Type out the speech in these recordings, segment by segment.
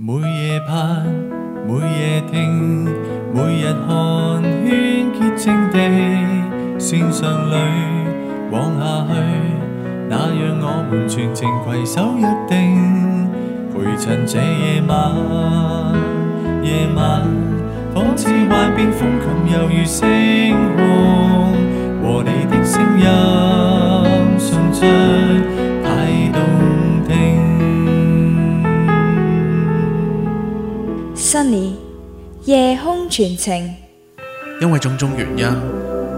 每夜盼，每夜聽，每日看，圈潔淨的線上裏往下去，那讓我們全情攜手約定，陪襯這夜晚。夜晚，仿似萬變風琴，猶如星空，和你的聲音，送出太多。Sunny 夜空傳情。因為種種原因，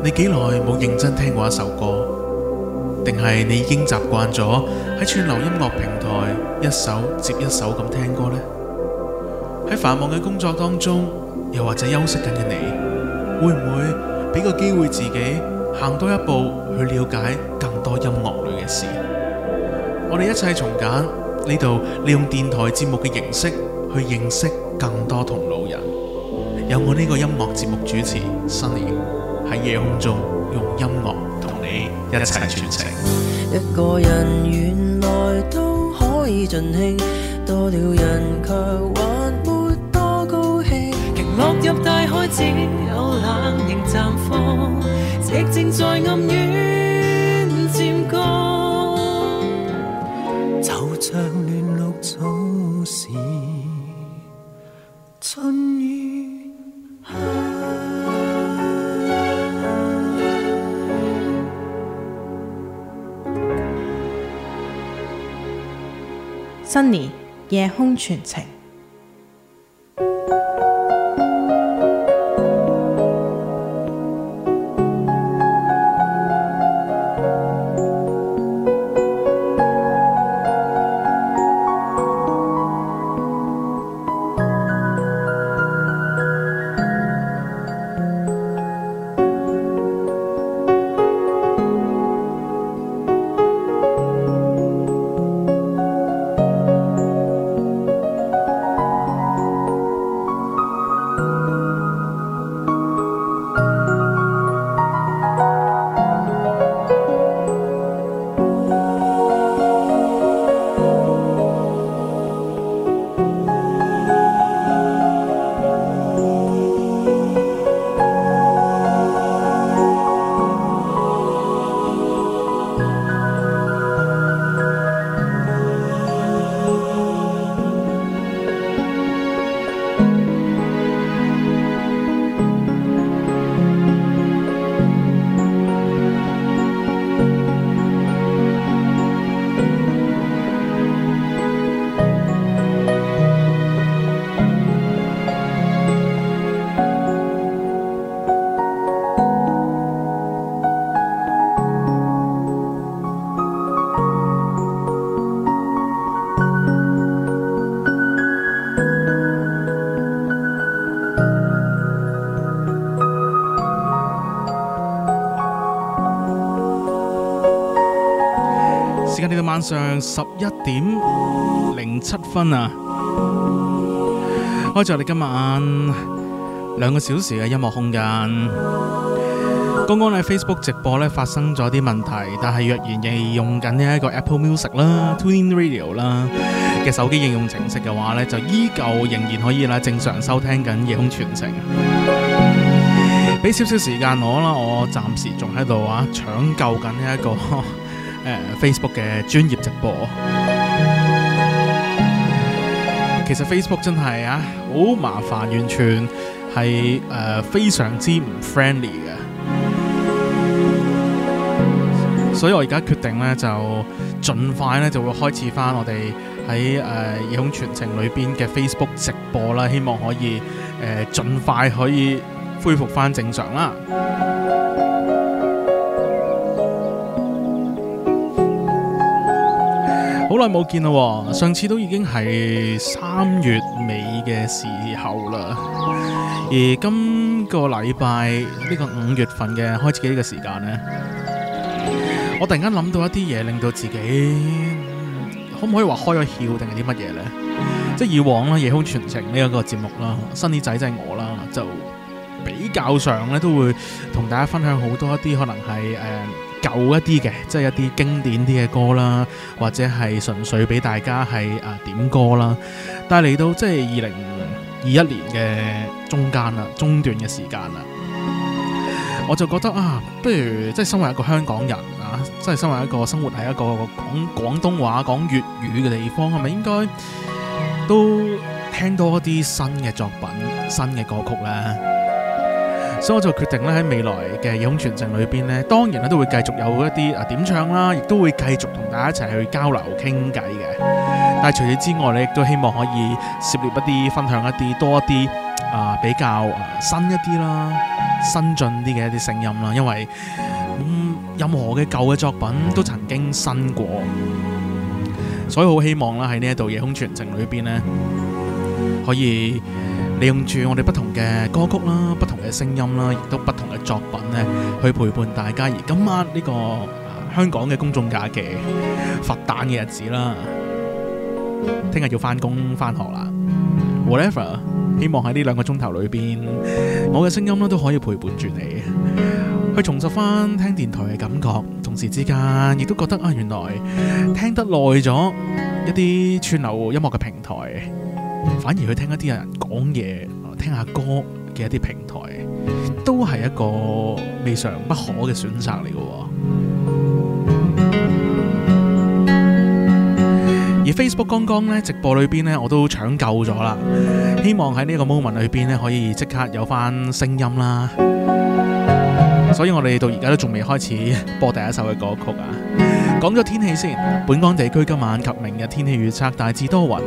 你幾耐冇認真聽過一首歌，定係你已經習慣咗喺串流音樂平台一首接一首咁聽歌咧？喺繁忙嘅工作當中，又或者休息緊嘅你，會唔會俾個機會自己行多一步去了解更多音樂類嘅事？我哋一切從簡，呢度利用電台節目嘅形式，去認識更多同路人，由我呢個音樂節目主持，Sunny 喺夜空中用音樂同你一齊傳情。一個人原來都可以盡興，多了人卻還沒多高興。若落入大海，只有冷凝綻放，寂靜在暗處漸乾。Sunny 夜空傳情。上十一點零七分啊！開咗你今晚兩個小時嘅音樂空間。剛剛喺 Facebook 直播咧發生咗啲問題，但係若然仍然用緊呢一個 Apple Music 啦、Tune Radio 啦嘅手機應用程式嘅話咧，就依舊仍然可以啦，正常收聽緊夜空傳情。俾少少時間我啦，我暫時仲喺度啊，搶救緊呢一個。誒、uh,，Facebook 嘅專頁直播，其實 Facebook 真係啊，好麻煩，完全係誒、uh, 非常之唔 friendly 嘅，所以我而家決定呢，就盡快呢，就會開始翻我哋喺誒夜空傳情裏邊嘅 Facebook 直播啦，希望可以誒盡、uh, 快可以恢復翻正常啦。好耐冇見啦，上次都已經係三月尾嘅時候啦，而今個禮拜呢個五月份嘅開始嘅呢個時間呢，我突然間諗到一啲嘢，令到自己、嗯、可唔可以話開咗竅定係啲乜嘢呢？即係以往呢，《夜空傳情》呢個節目啦，Sunny 仔就係我啦，就比較上呢都會同大家分享好多一啲可能係誒。嗯舊一啲嘅，即係一啲經典啲嘅歌啦，或者係純粹俾大家係啊點歌啦。但係嚟到即係二零二一年嘅中間啦，中段嘅時間啦，我就覺得啊，不如即係身為一個香港人啊，即係身為一個生活喺一個講廣東話、講粵語嘅地方，係咪應該都聽多啲新嘅作品、新嘅歌曲呢？所以我就決定咧，喺未來嘅《夜空傳情》裏邊呢，當然咧都會繼續有一啲啊點唱啦，亦都會繼續同大家一齊去交流傾偈嘅。但係除此之外，你亦都希望可以涉獵一啲分享一啲多一啲啊、呃、比較、呃、新一啲啦、新進啲嘅一啲聲音啦，因為、嗯、任何嘅舊嘅作品都曾經新過，所以好希望啦喺呢一度《夜空傳情》裏邊呢，可以，利用住我哋不同嘅歌曲啦，不同嘅聲音啦，亦都不同嘅作品呢，去陪伴大家。而今晚呢個香港嘅公眾假期佛誕嘅日子啦，聽日要翻工翻學啦。Whatever，希望喺呢兩個鐘頭裏邊，我嘅聲音呢都可以陪伴住你，去重拾翻聽電台嘅感覺。同時之間，亦都覺得啊，原來聽得耐咗一啲串流音樂嘅平台。反而去聽一啲有人講嘢，聽下歌嘅一啲平台，都係一個未嘗不可嘅選擇嚟嘅。而 Facebook 剛剛咧直播裏邊呢，我都搶救咗啦，希望喺呢個 moment 裏邊呢，可以即刻有翻聲音啦。所以我哋到而家都仲未開始播第一首嘅歌曲啊！講咗天氣先，本港地區今晚及明日天氣預測大致多雲，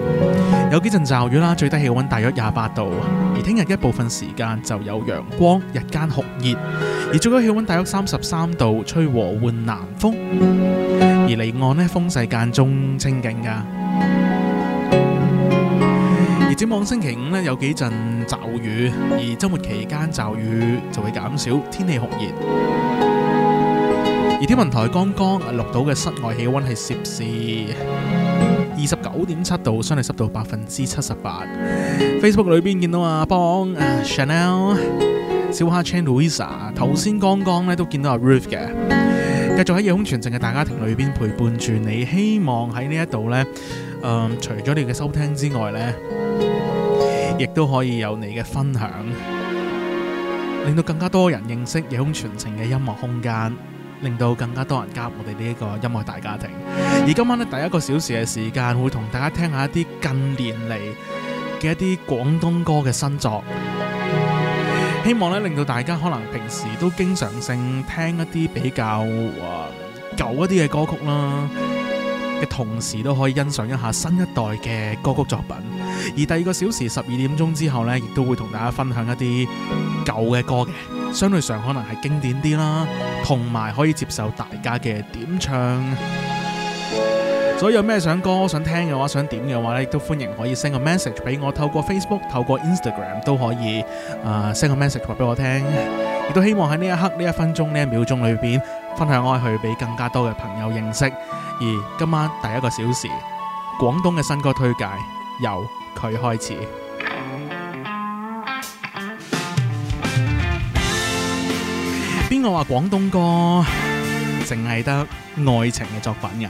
有幾陣驟雨啦。最低氣溫大約廿八度，而聽日一部分時間就有陽光，日間酷熱，而最高氣溫大約三十三度，吹和緩南風，而離岸呢風勢間中清勁噶。展望星期五咧，有幾陣驟雨，而周末期間驟雨就會減少，天氣酷熱。而天文台剛剛錄到嘅室外氣溫係攝氏二十九點七度，相對濕度百分之七十八。Facebook 裏邊見到阿邦、 啊、Chanel 小 Chan、小 蝦樂、Chanel Luisa 頭先剛剛咧，都見到阿 Ruth 嘅，繼續喺夜空傳情嘅大家庭裏邊陪伴住你，希望喺呢一度呢，嗯，除咗你嘅收聽之外呢。亦都可以有你嘅分享，令到更加多人認識夜空傳情嘅音樂空間，令到更加多人加入我哋呢個音樂大家庭。而今晚呢，第一個小時嘅時間，會同大家聽下一啲近年嚟嘅一啲廣東歌嘅新作，希望呢令到大家可能平時都經常性聽一啲比較啊舊一啲嘅歌曲啦。嘅同時都可以欣賞一下新一代嘅歌曲作品，而第二個小時十二點鐘之後呢，亦都會同大家分享一啲舊嘅歌嘅，相對上可能係經典啲啦，同埋可以接受大家嘅點唱。所以有咩想歌想聽嘅話，想點嘅話咧，亦都歡迎可以 send 個 message 俾我，透過 Facebook，透過 Instagram 都可以，啊 send 個 message 話俾我聽。亦都希望喺呢一刻呢一分鐘呢一秒鐘裏邊，分享開去俾更加多嘅朋友認識。而今晚第一個小時，廣東嘅新歌推介由佢開始。邊個話廣東歌淨係得愛情嘅作品㗎？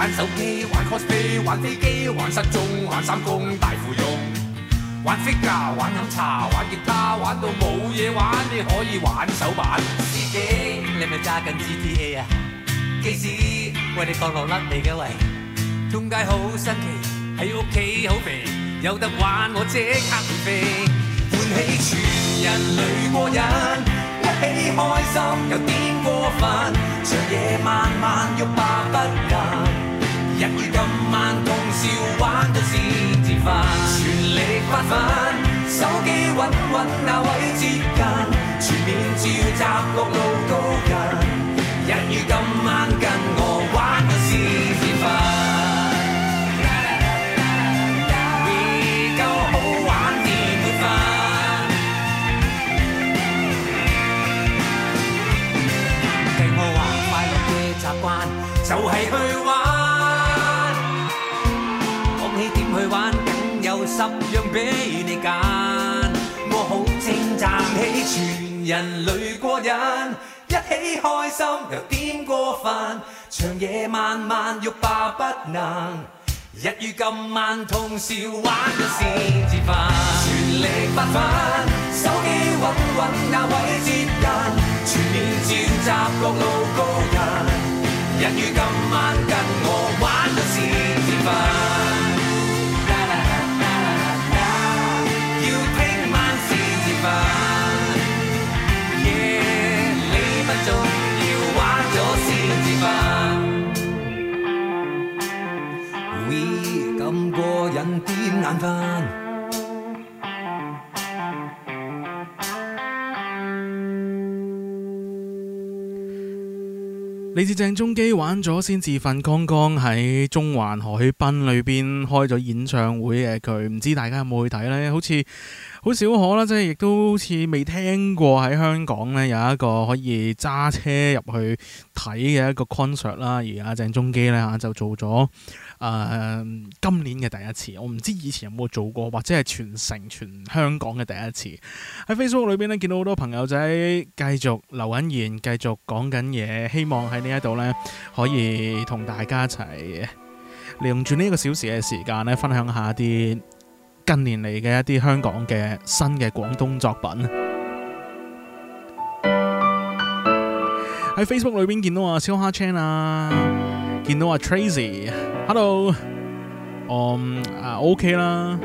玩手機，玩 cosplay，玩飛機，玩失蹤，玩三公大富翁，玩 figure，玩飲茶，玩吉他，玩到冇嘢玩，你可以玩手板。司機，你咪揸緊 GTA 啊！技師，喂你降落甩你嘅喂？通街好新奇，喺屋企好肥，有得玩我即刻亂飛，喚起全人類過癮，一起開心又點過分？長夜漫漫欲罷不能。人如今晚通宵玩到天之昏，全力發奮，手機穩穩那位接近，全面召集各路高人，人如今晚。十樣俾你揀，我好稱讚起全人類過癮，一起開心又點過分？長夜漫漫欲罷不能，一於今晚通宵玩到先至瞓，全力不瞓，手機搵搵那位接近，全面召集各路高人，一於今晚跟我玩到先至瞓。人癲眼瞓，李自鄭中基玩咗先至瞓。剛剛喺中環海濱裏邊開咗演唱會嘅佢，唔知大家有冇去睇呢？好似好少可啦，即係亦都好似未聽過喺香港呢，有一個可以揸車入去睇嘅一個 concert 啦。而阿鄭中基呢，吓就做咗。誒、呃、今年嘅第一次，我唔知以前有冇做過，或者係全城、全香港嘅第一次。喺 Facebook 裏邊呢，見到好多朋友仔繼續留緊言，繼續講緊嘢，希望喺呢一度呢，可以同大家一齊利用住呢一個小時嘅時間呢，分享下啲近年嚟嘅一啲香港嘅新嘅廣東作品。喺 Facebook 裏邊見到啊，燒蝦 Chan 啊！見到阿 Tracy，Hello，嗯啊 Tracy, Hello,、um, OK 啦，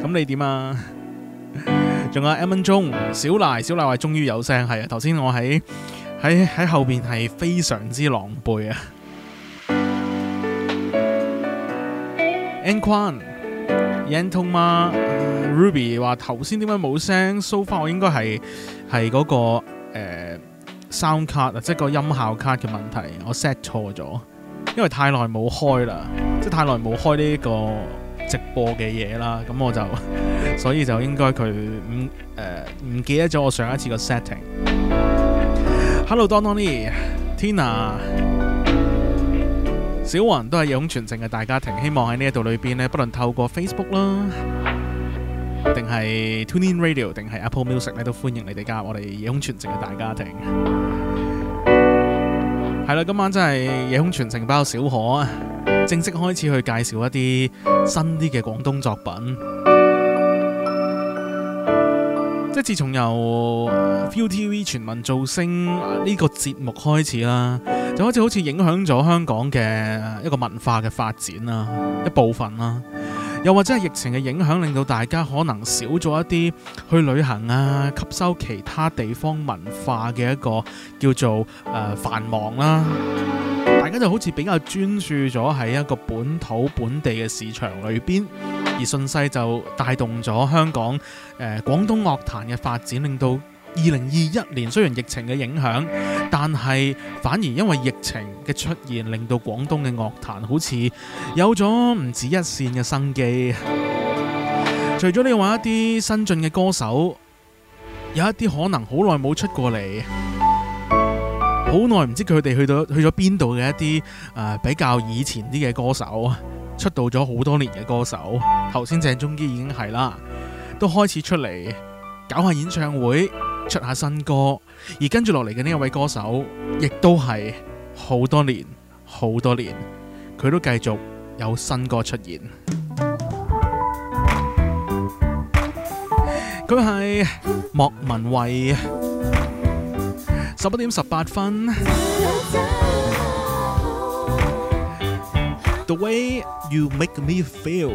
咁你點啊？仲有 Emun 鍾，小賴，小賴話終於有聲，係啊，頭先我喺喺喺後邊係非常之狼狽啊。An quan Anton 嘛，Ruby 話頭先點解冇聲？So far 我應該係係嗰個誒。呃聲卡啊，即係個音效卡嘅問題，我 set 錯咗，因為太耐冇開啦，即係太耐冇開呢一個直播嘅嘢啦，咁我就所以就應該佢唔誒唔記得咗我上一次個 setting。Hello，Donny，Tina 小雲都係夜空全城嘅大家庭，希望喺呢一度裏邊咧，不論透過 Facebook 啦，定係 Tune In Radio，定係 Apple Music 咧，都歡迎你哋加入我哋夜空傳情嘅大家庭。係啦，今晚真係夜空傳情包小可啊，正式開始去介紹一啲新啲嘅廣東作品。即係自從由 ViuTV 全民造星呢、這個節目開始啦，就開始好似影響咗香港嘅一個文化嘅發展啦，一部分啦。又或者係疫情嘅影響，令到大家可能少咗一啲去旅行啊，吸收其他地方文化嘅一個叫做、呃、繁忙啦、啊。大家就好似比較專注咗喺一個本土本地嘅市場裏邊，而順勢就帶動咗香港誒、呃、廣東樂壇嘅發展，令到。二零二一年雖然疫情嘅影響，但係反而因為疫情嘅出現，令到廣東嘅樂壇好似有咗唔止一線嘅生機。除咗你話一啲新晉嘅歌手，有一啲可能好耐冇出過嚟，好耐唔知佢哋去到去咗邊度嘅一啲誒、呃、比較以前啲嘅歌手，出道咗好多年嘅歌手，頭先鄭中基已經係啦，都開始出嚟搞下演唱會。出下新歌，而跟住落嚟嘅呢一位歌手，亦都係好多年，好多年，佢都繼續有新歌出現。佢係 莫文蔚，十一點十八分，The way you make me feel，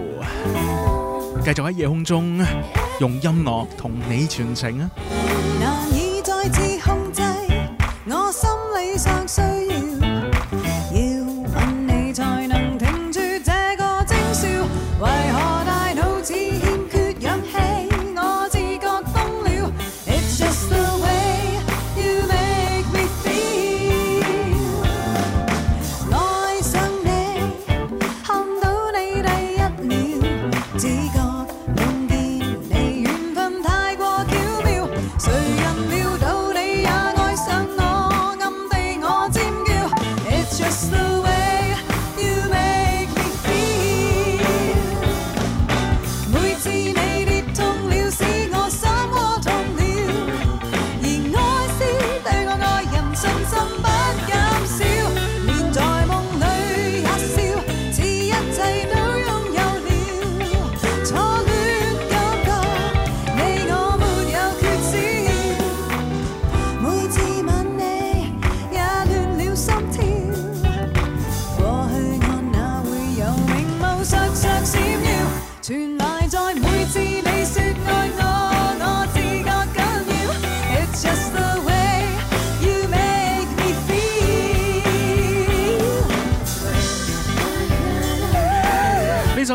繼續喺夜空中用音樂同你傳情啊！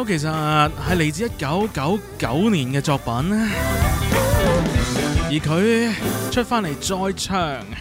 其實係嚟自一九九九年嘅作品，而佢出返嚟再唱。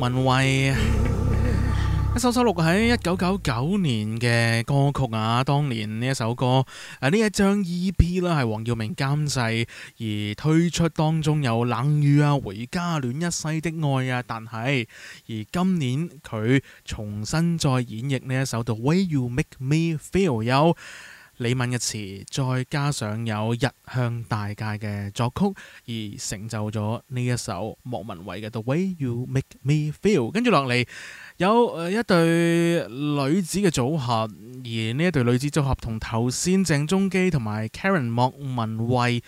文慧一首收錄喺一九九九年嘅歌曲啊，當年呢一首歌啊，呢一張 EP 呢係黃耀明監製而推出，當中有冷雨啊、回家啊、戀一世的愛啊，但係而今年佢重新再演繹呢一首 The Way You Make Me Feel 有。李敏嘅詞，再加上有日向大介嘅作曲，而成就咗呢一首莫文蔚嘅《The Way You Make Me Feel》。跟住落嚟有一對女子嘅組合，而呢一對女子組合同頭先鄭中基同埋 Karen 莫文蔚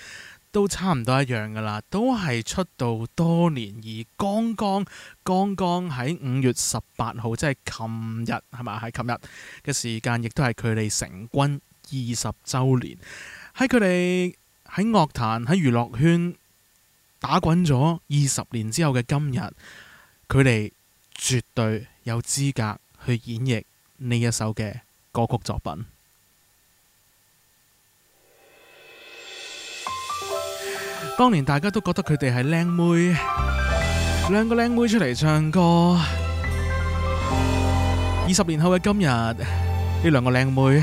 都差唔多一樣噶啦，都係出道多年，而剛剛剛剛喺五月十八號，即係琴日係咪？喺琴日嘅時間，亦都係佢哋成軍二十周年，喺佢哋喺樂壇、喺娛樂圈打滾咗二十年之後嘅今日，佢哋絕對有資格去演繹呢一首嘅歌曲作品。當年大家都覺得佢哋係靚妹，兩個靚妹出嚟唱歌。二十年後嘅今日，呢兩個靚妹。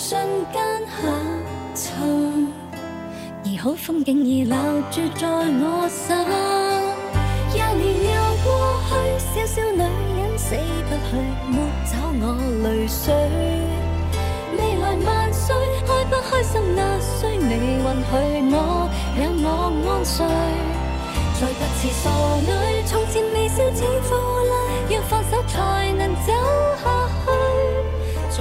瞬間下沉，而好風景已留住在我心。 一年又過去，小小女人死不去，抹走我淚水。未來萬歲，開不開心那需你允許我？我有我安睡，再不似傻女。從前微笑似負累，要放手才能走下去。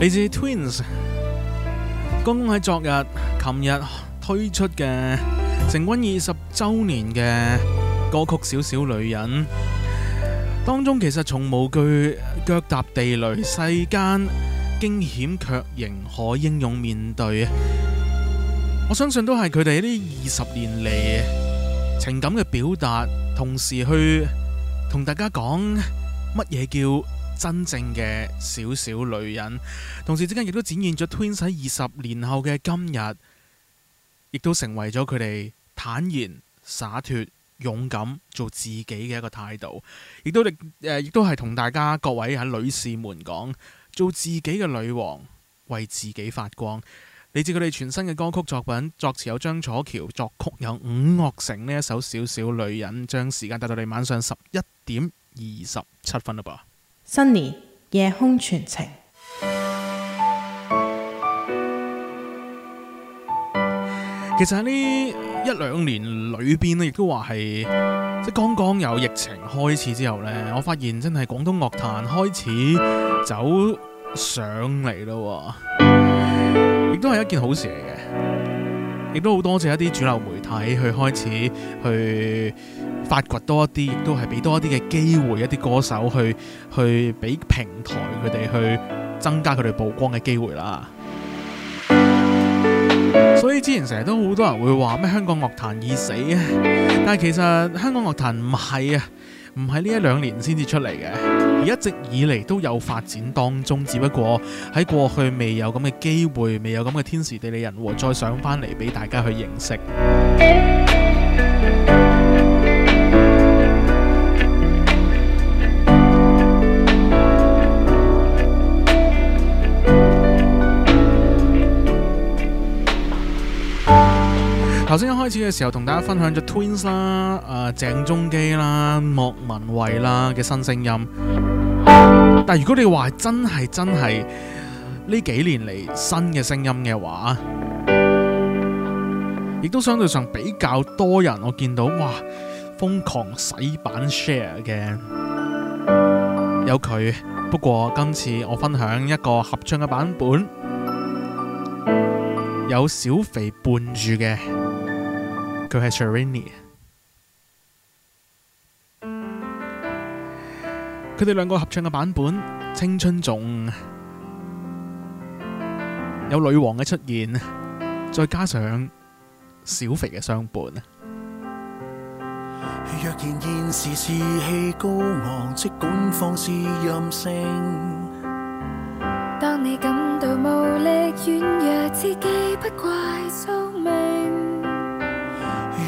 嚟自 Twins，剛剛喺昨日、琴日推出嘅成軍二十週年嘅歌曲《小小女人》當中，其實從無懼腳踏地雷，世間驚險卻仍可英勇面對。我相信都係佢哋呢二十年嚟情感嘅表達，同時去同大家講乜嘢叫真正嘅小小女人，同時之間亦都展現咗 Twins 喺二十年後嘅今日，亦都成為咗佢哋坦然灑脫、勇敢做自己嘅一個態度，亦都亦都係同大家各位喺女士們講，做自己嘅、呃呃、女、女王，為自己發光。嚟自佢哋全新嘅歌曲作品，作詞有張楚喬，作曲有伍樂城，呢一首《小小女人》，將時間帶到你晚上十一點二十七分啦噃。新年夜空傳情。其實喺呢一兩年裏邊咧，亦都話係即係剛剛由疫情開始之後呢，我發現真係廣東樂壇開始走上嚟咯，亦都係一件好事嚟嘅。亦都好多謝一啲主流媒體去開始去發掘多一啲，亦都係俾多一啲嘅機會一啲歌手去去俾平台佢哋去增加佢哋曝光嘅機會啦。所以之前成日都好多人會話咩香港樂壇已死啊，但係其實香港樂壇唔係啊。唔係呢一兩年先至出嚟嘅，而一直以嚟都有發展當中，只不過喺過去未有咁嘅機會，未有咁嘅天時地利人和，再上返嚟俾大家去認識。頭先一開始嘅時候，同大家分享咗 Twins 啦、啊、啊鄭中基啦、莫文蔚啦嘅新聲音。但如果你話真係真係呢幾年嚟新嘅聲音嘅話，亦都相對上比較多人，我見到哇瘋狂洗版 share 嘅有佢。不過今次我分享一個合唱嘅版本，有小肥伴住嘅。佢係 Cherini，佢哋兩個合唱嘅版本《青春》，仲有女王嘅出現，再加上小肥嘅相伴。若然現時士氣高昂，即管放肆任性。當你感到無力軟弱，自己不怪罪。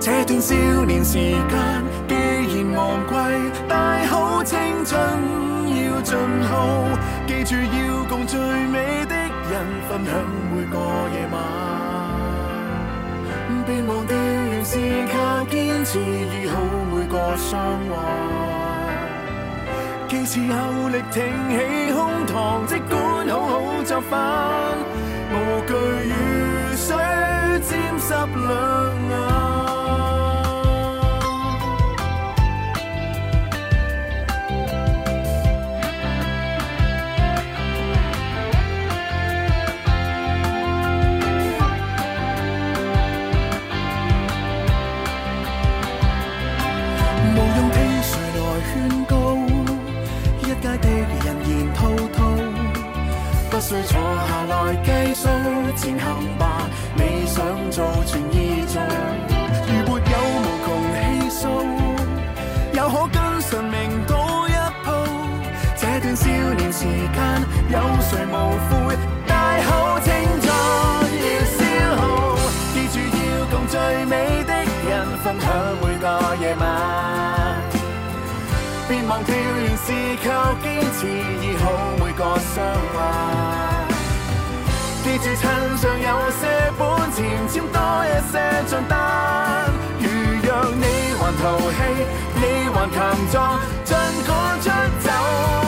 這段少年時間既然寶貴，大好青春要盡好，記住要共最美的人分享每個夜晚。別忘掉，原是靠堅持醫好每個傷患。即使有力挺起胸膛，即管好好作反，無懼雨水。兩無用聽誰來勸告，一街的人言滔滔，時間有誰無悔？大好青春要消耗。記住要共最美的人分享每個夜晚。別忘掉原是靠堅持，醫好每個傷患。記住趁尚有些本錢，簽多一些賬單。如若你還淘氣，你還強壯，盡管出走。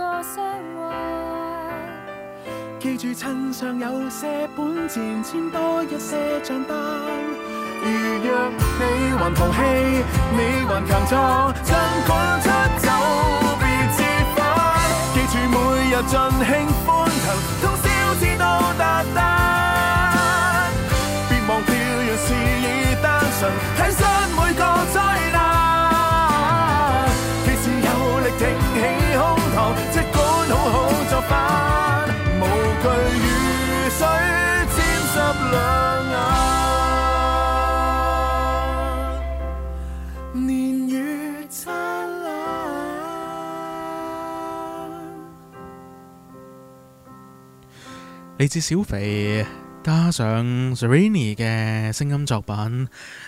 話記住身上有些本錢，簽多一些賬單。如若你還豪氣，你還強壯，盡管出走別折返。記住每日盡興歡騰，通宵至到達嚟自小肥加上 Sereni 嘅聲音作品，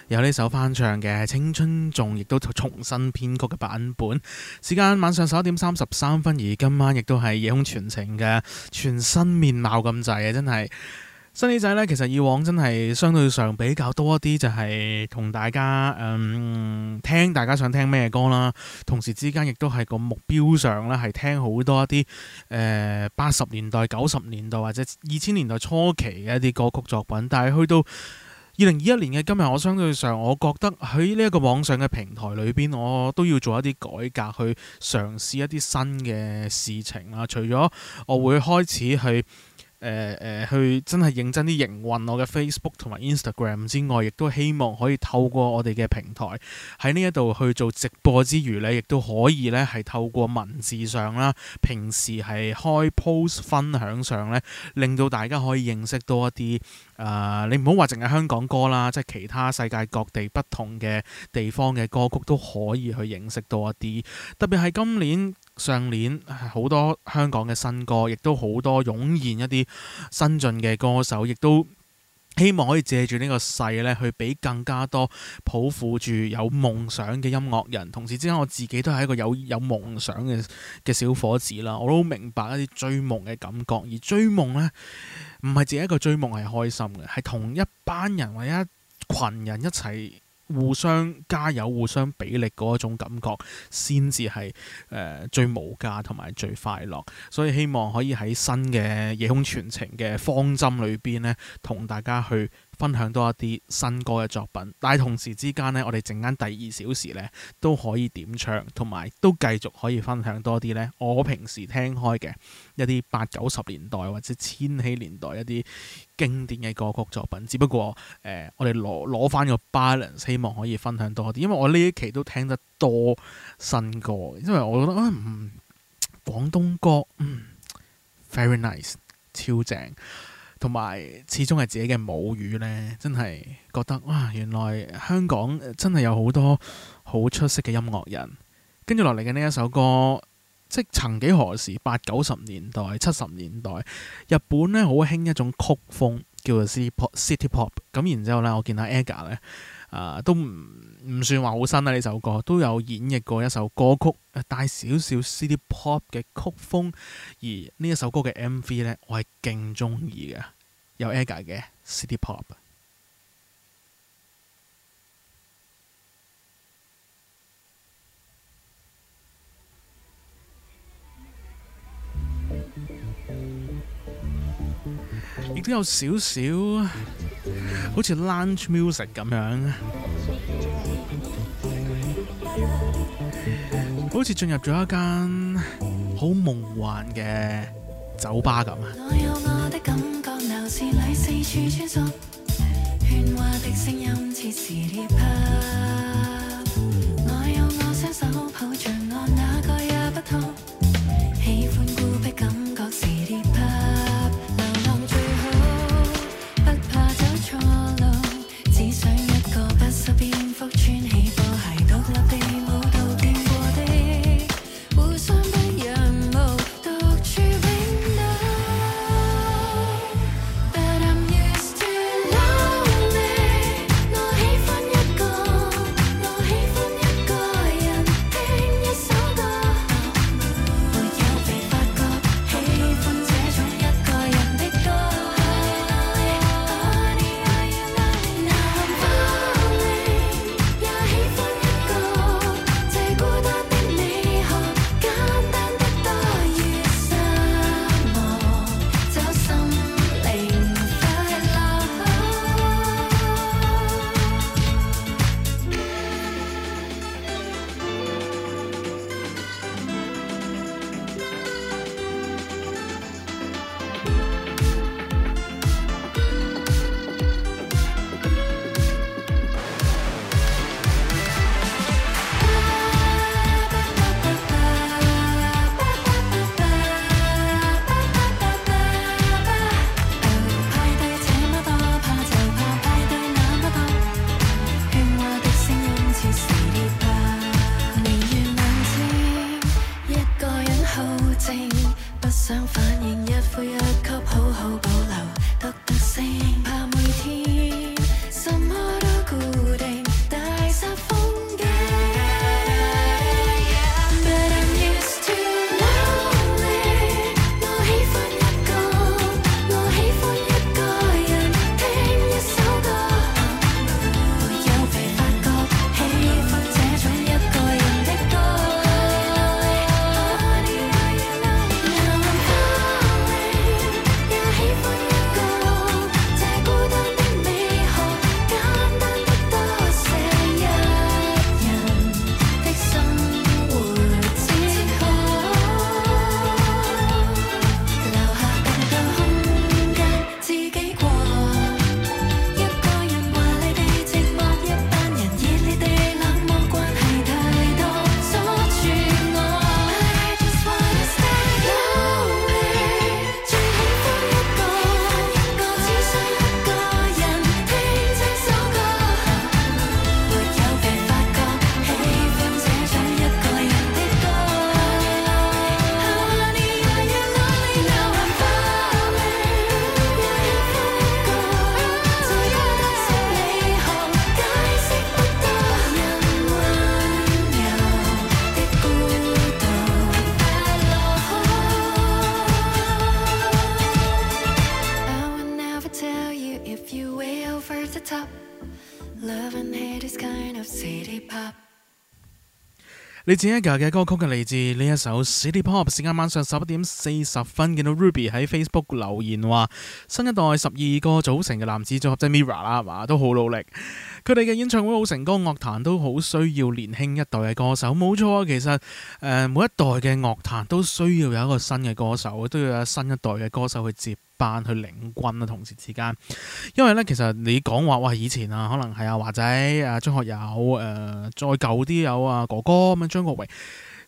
有呢首翻唱嘅青春仲亦都重新編曲嘅版本。時間晚上十一點三十三分，而今晚亦都係夜空全程嘅全新面貌咁滯啊！真係。新啲仔咧，其實以往真係相對上比較多一啲，就係同大家誒、嗯、聽大家想聽咩歌啦。同時之間，亦都係個目標上咧，係聽好多一啲誒八十年代、九十年代或者二千年代初期嘅一啲歌曲作品。但係去到二零二一年嘅今日，我相對上我覺得喺呢一個網上嘅平台裏面，我都要做一啲改革，去嘗試一啲新嘅事情啦。除咗我會開始去，誒、呃呃、去真係認真啲營運我嘅 Facebook 同埋 Instagram 之外，亦都希望可以透過我哋嘅平台喺呢一度去做直播之餘呢，亦都可以呢係透過文字上啦，平時係開 post 分享上呢，令到大家可以認識多一啲、呃、你唔好話淨係香港歌啦，即係其他世界各地不同嘅地方嘅歌曲都可以去認識到一啲，特別係今年。上年好多香港嘅新歌，亦都好多湧現一啲新進嘅歌手，亦都希望可以借住呢個勢咧，去俾更加多抱負住有夢想嘅音樂人。同時之間我自己都係一個有有夢想嘅嘅小伙子啦。我都好明白一啲追夢嘅感覺。而追夢咧，唔係自己一個追夢係開心嘅，係同一班人或者一群人一齊。互相加油、互相俾力嗰種感覺先至係誒最無價同埋最快樂。所以希望可以喺新嘅夜空傳情嘅方針裏邊咧，同大家去分享多一啲新歌嘅作品，但係同時之間呢，我哋陣間第二小時呢都可以點唱，同埋都繼續可以分享多啲呢。我平時聽開嘅一啲八九十年代或者千禧年代一啲經典嘅歌曲作品，只不過誒、呃，我哋攞攞返個 balance，希望可以分享多啲。因為我呢一期都聽得多新歌，因為我覺得、啊、嗯廣東歌，嗯 very nice 超正。同埋始終係自己嘅母語呢，真係覺得哇！原來香港真係有好多好出色嘅音樂人。跟住落嚟嘅呢一首歌，即係曾幾何時，八九十年代、七十年代，日本呢好興一種曲風叫做 City Pop。咁然之後呢，我見到 AGA 呢。啊、都唔唔算話好新啦、啊、呢首歌，都有演繹過一首歌曲，帶少少 City Pop 嘅曲風。而呢一首歌嘅 MV 呢，我係勁中意嘅，有 Aga 嘅 City Pop，亦都 有少少。好似 lunch music 咁樣，好似進入咗一間好夢幻嘅酒吧咁啊！我有我的感覺。你子一嘅歌曲嘅嚟自呢一首 City Pop。時間晚上十一點四十分，見到 Ruby 喺 Facebook 留言話：新一代十二個組成嘅男子組合即 Mirror 啦，係嘛都好努力。佢哋嘅演唱會好成功，樂壇都好需要年輕一代嘅歌手。冇錯啊，其實、呃、每一代嘅樂壇都需要有一個新嘅歌手，都要有新一代嘅歌手去接。扮去領軍啊！同時之間，因為咧，其實你講話哇，以前啊，可能係啊華仔、阿、啊、張學友誒、啊，再舊啲有啊哥哥咁啊，張國榮咁、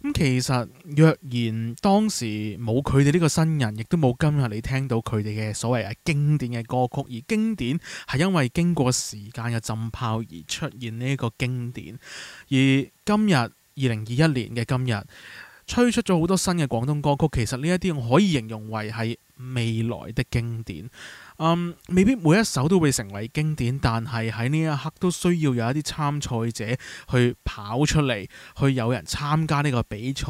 嗯。其實若然當時冇佢哋呢個新人，亦都冇今日你聽到佢哋嘅所謂啊經典嘅歌曲，而經典係因為經過時間嘅浸泡而出現呢個經典。而今日二零二一年嘅今日。推出咗好多新嘅廣東歌曲，其實呢一啲我可以形容為係未來的經典，嗯。未必每一首都會成為經典，但係喺呢一刻都需要有一啲參賽者去跑出嚟，去有人參加呢個比賽。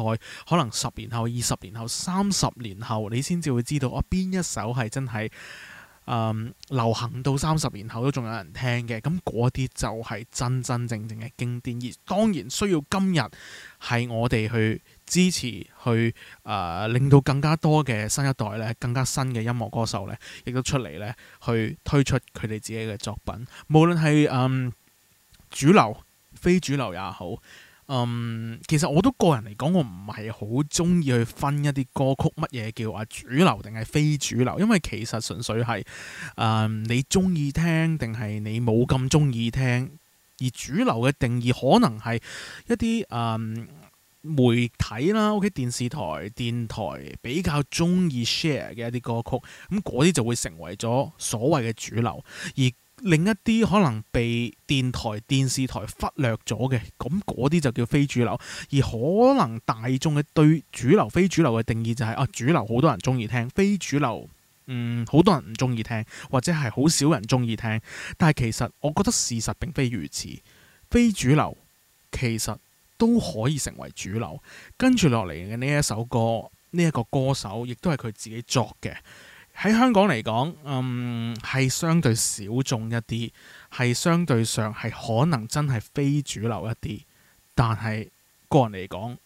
可能十年後二十年後三十年後你先至會知道啊，邊一首係真係、嗯、流行到三十年後都仲有人聽嘅。咁嗰啲就係真真正正嘅經典。而當然需要今日係我哋去。支持去誒、呃，令到更加多嘅新一代咧，更加新嘅音樂歌手咧，亦都出嚟咧，去推出佢哋自己嘅作品。無論係嗯主流、非主流也好，嗯，其實我都個人嚟講，我唔係好中意去分一啲歌曲乜嘢叫啊主流定係非主流，因為其實純粹係誒、嗯、你中意聽定係你冇咁中意聽，而主流嘅定義可能係一啲誒。嗯媒體啦，OK，電視台、電台比較中意 share 嘅一啲歌曲，咁嗰啲就會成為咗所謂嘅主流；而另一啲可能被電台、電視台忽略咗嘅，咁嗰啲就叫非主流。而可能大眾嘅對主流、非主流嘅定義就係啊，主流好多人中意聽，非主流嗯好多人唔中意聽，或者係好少人中意聽。但係其實我覺得事實並非如此，非主流其實。都可以成為主流。跟住落嚟嘅呢一首歌，呢一個歌手亦都係佢自己作嘅。喺香港嚟講，嗯，係相對小眾一啲，係相對上係可能真係非主流一啲。但係個人嚟講，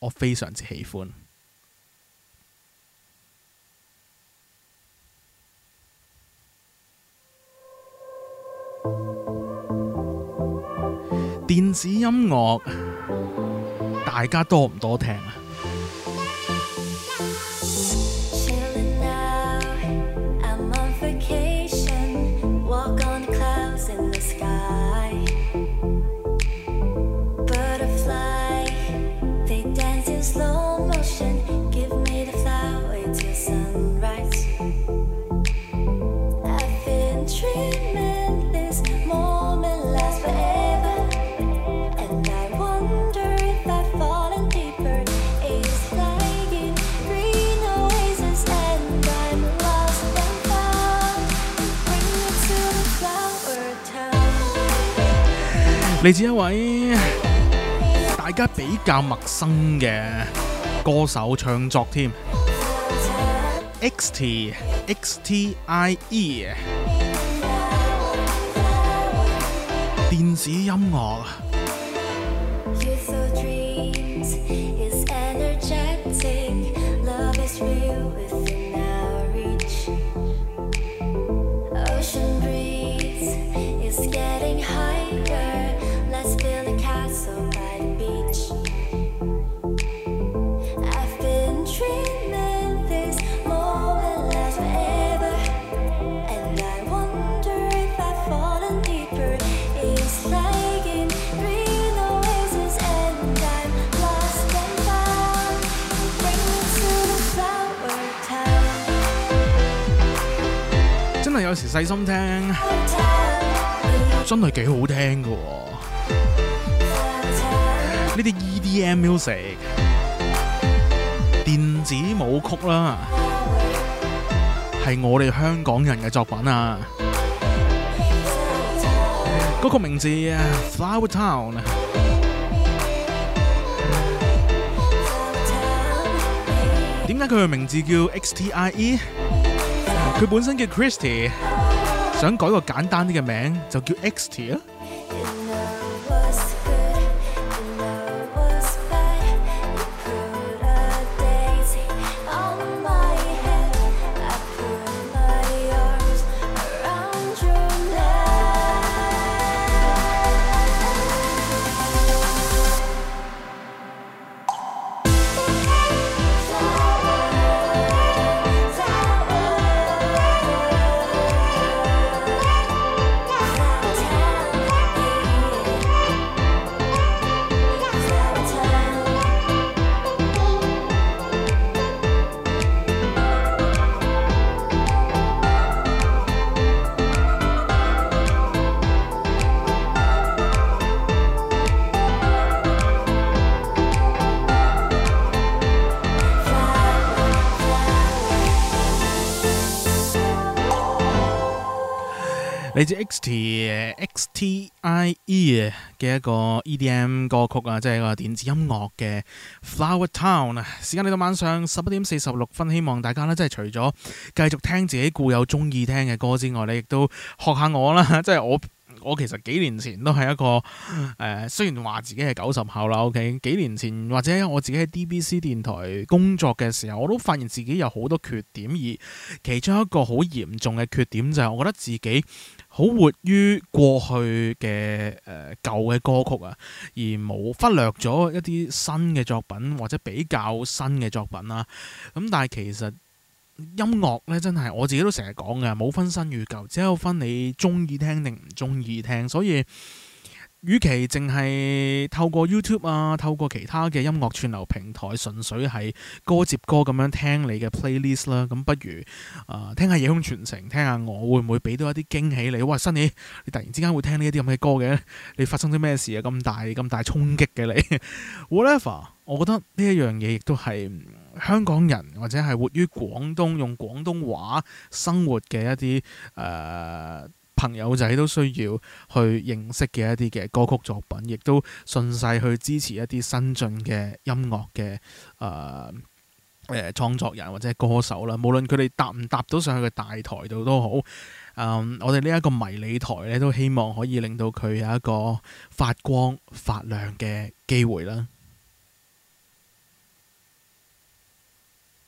我非常之喜歡電子音樂。大家多唔多聽啊？嚟自一位大家比較陌生嘅歌手唱作添，X T X T I E，電子音樂。有時細心聽，真係幾好聽㗎喎。呢啲 EDM music，電子舞曲啦，係我哋香港人嘅作品啊。歌、嗰個、名字《Flower Town》。點解佢嘅名字叫 X T I E？佢本身叫 Christy，想改個簡單啲嘅名就叫 Xty 一個 EDM 歌曲啊，即係個電子音樂嘅 Flower Town 啊，時間嚟到晚上十一點四十六分，希望大家咧即係除咗繼續聽自己固有中意聽嘅歌之外咧，亦都學下我啦，即係我。我其實幾年前都係一個誒，雖然話自己係九十後啦，OK。幾年前或者我自己喺 DBC 電台工作嘅時候，我都發現自己有好多缺點，而其中一個好嚴重嘅缺點就係我覺得自己好活於過去嘅誒、呃、舊嘅歌曲啊，而冇忽略咗一啲新嘅作品或者比較新嘅作品啦。咁但係其實音樂咧真係我自己都成日講嘅，冇分新與舊，只有分你中意聽定唔中意聽。所以，與其淨係透過 YouTube 啊，透過其他嘅音樂串流平台，純粹係歌接歌咁樣聽你嘅 playlist 啦，咁不如啊、呃、聽下夜空傳情，聽下我會唔會俾到一啲驚喜你？哇，Sunny，你突然之間會聽呢啲咁嘅歌嘅，你發生啲咩事啊？咁大咁大衝擊嘅你 ，whatever，我覺得呢一樣嘢亦都係。香港人或者係活於廣東用廣東話生活嘅一啲誒、呃、朋友仔都需要去認識嘅一啲嘅歌曲作品，亦都順勢去支持一啲新進嘅音樂嘅誒誒創作人或者歌手啦。無論佢哋搭唔搭到上去嘅大台度都好，嗯、呃，我哋呢一個迷你台咧都希望可以令到佢有一個發光發亮嘅機會啦。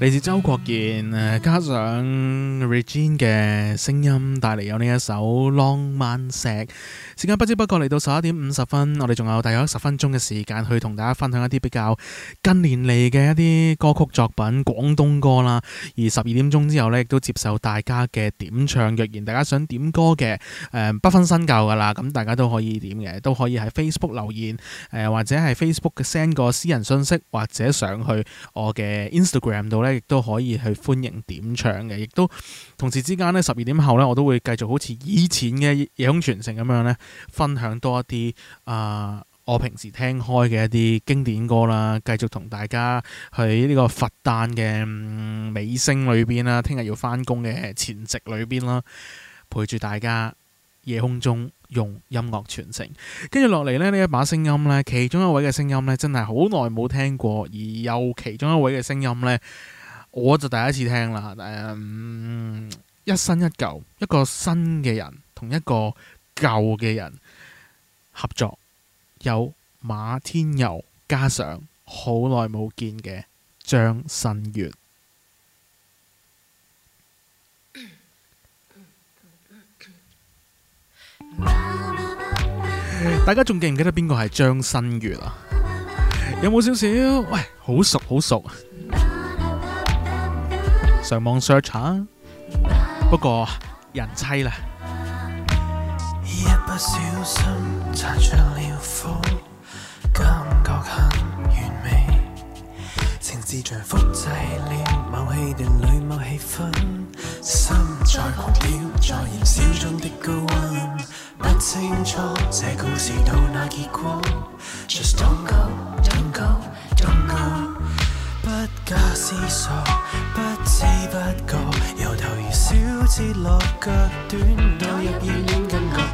嚟自周國賢，加上 Regine 嘅聲音，帶嚟有呢一首《浪漫石》。時間不知不覺嚟到十一點五十分，我哋仲有大約十分鐘嘅時間去同大家分享一啲比較近年嚟嘅一啲歌曲作品，廣東歌啦。而十二點鐘之後呢，亦都接受大家嘅點唱。若然大家想點歌嘅，誒、呃，不分新舊噶啦，咁大家都可以點嘅，都可以喺 Facebook 留言，誒、呃，或者係 Facebook 嘅 send 個私人信息，或者上去我嘅 Instagram 度呢，亦都可以去歡迎點唱嘅。亦都同時之間呢，十二點後呢，我都會繼續好似以前嘅《夜空傳情》咁樣呢。分享多一啲啊、呃！我平時聽開嘅一啲經典歌啦，繼續同大家喺呢個佛誕嘅尾聲裏邊啦，聽日要返工嘅前夕裏邊啦，陪住大家夜空中用音樂傳情。跟住落嚟呢，呢一把聲音呢，其中一位嘅聲音呢，真係好耐冇聽過；而有其中一位嘅聲音呢，我就第一次聽啦、嗯。一新一舊，一個新嘅人，同一個。舊嘅人合作，有馬天佑，加上好耐冇見嘅張新月。大家仲記唔記得邊個係張新月啊？有冇少少？喂、哎，好熟，好熟。上網 search 下不過人妻啦。不小心擦着了火，感覺很完美。情字像複製了，某起點，某氣氛，心在狂跳，在燃燒中的高温。不清楚這故事到哪結果。Just don't go, don't go, don't go. 不假思索，不知不覺，由頭而小至落腳短，投入熱戀。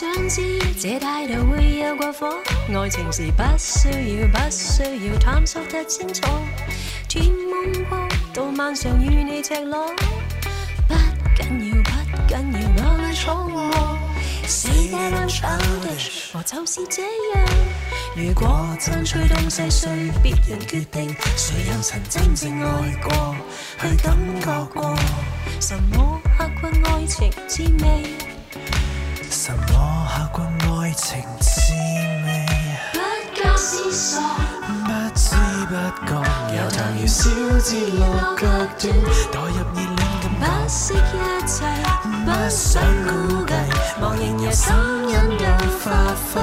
想知這態度會有過火，愛情是不需要、不需要探索得清楚。甜夢過到晚上與你赤裸，不緊要、不緊要我來闖過。世界冷嘲的我就是這樣。如果爭取東西需別人決定，誰又曾真正愛過、去感覺過？什麼刻骨愛情滋味？什麼？情是美，不假思索，不知不覺，由糖燃燒至六腳斷，墮入熱戀禁暴，不惜一切，不想估計，忘形夜深引誘發揮。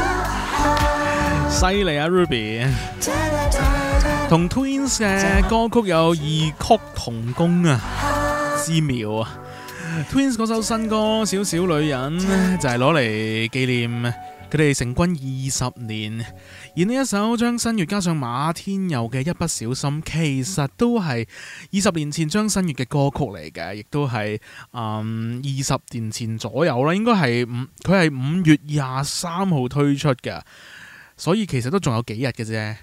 犀利啊，Ruby 同 Twins 嘅歌曲有異曲同工啊之妙啊。Twins 嗰首新歌《小小女人》就係攞嚟紀念佢哋成軍二十年，而呢一首張新月加上馬天佑嘅《一不小心》，其實都係二十年前張新月嘅歌曲嚟嘅，亦都係嗯二十年前左右啦，應該係五佢係五月廿三號推出嘅。所以其實都仲有幾日嘅啫。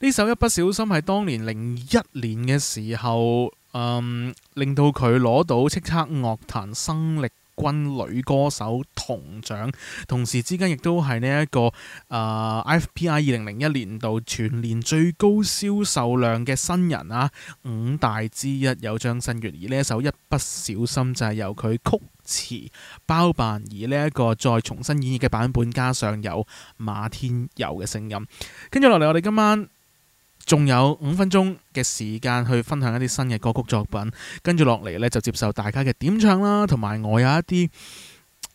呢首《一不小心》喺當年零一年嘅時候，嗯，令到佢攞到叱咤樂壇生力。軍女歌手銅獎，同時之間亦都係呢一個誒 IFPI 二零零一年度全年最高銷售量嘅新人啊，五大之一有張新月，而呢一首《一不小心》就係由佢曲詞包辦，而呢一個再重新演繹嘅版本，加上有馬天佑嘅聲音，跟住落嚟我哋今晚。仲有五分鐘嘅時間去分享一啲新嘅歌曲作品，跟住落嚟呢，就接受大家嘅點唱啦，同埋我有一啲誒、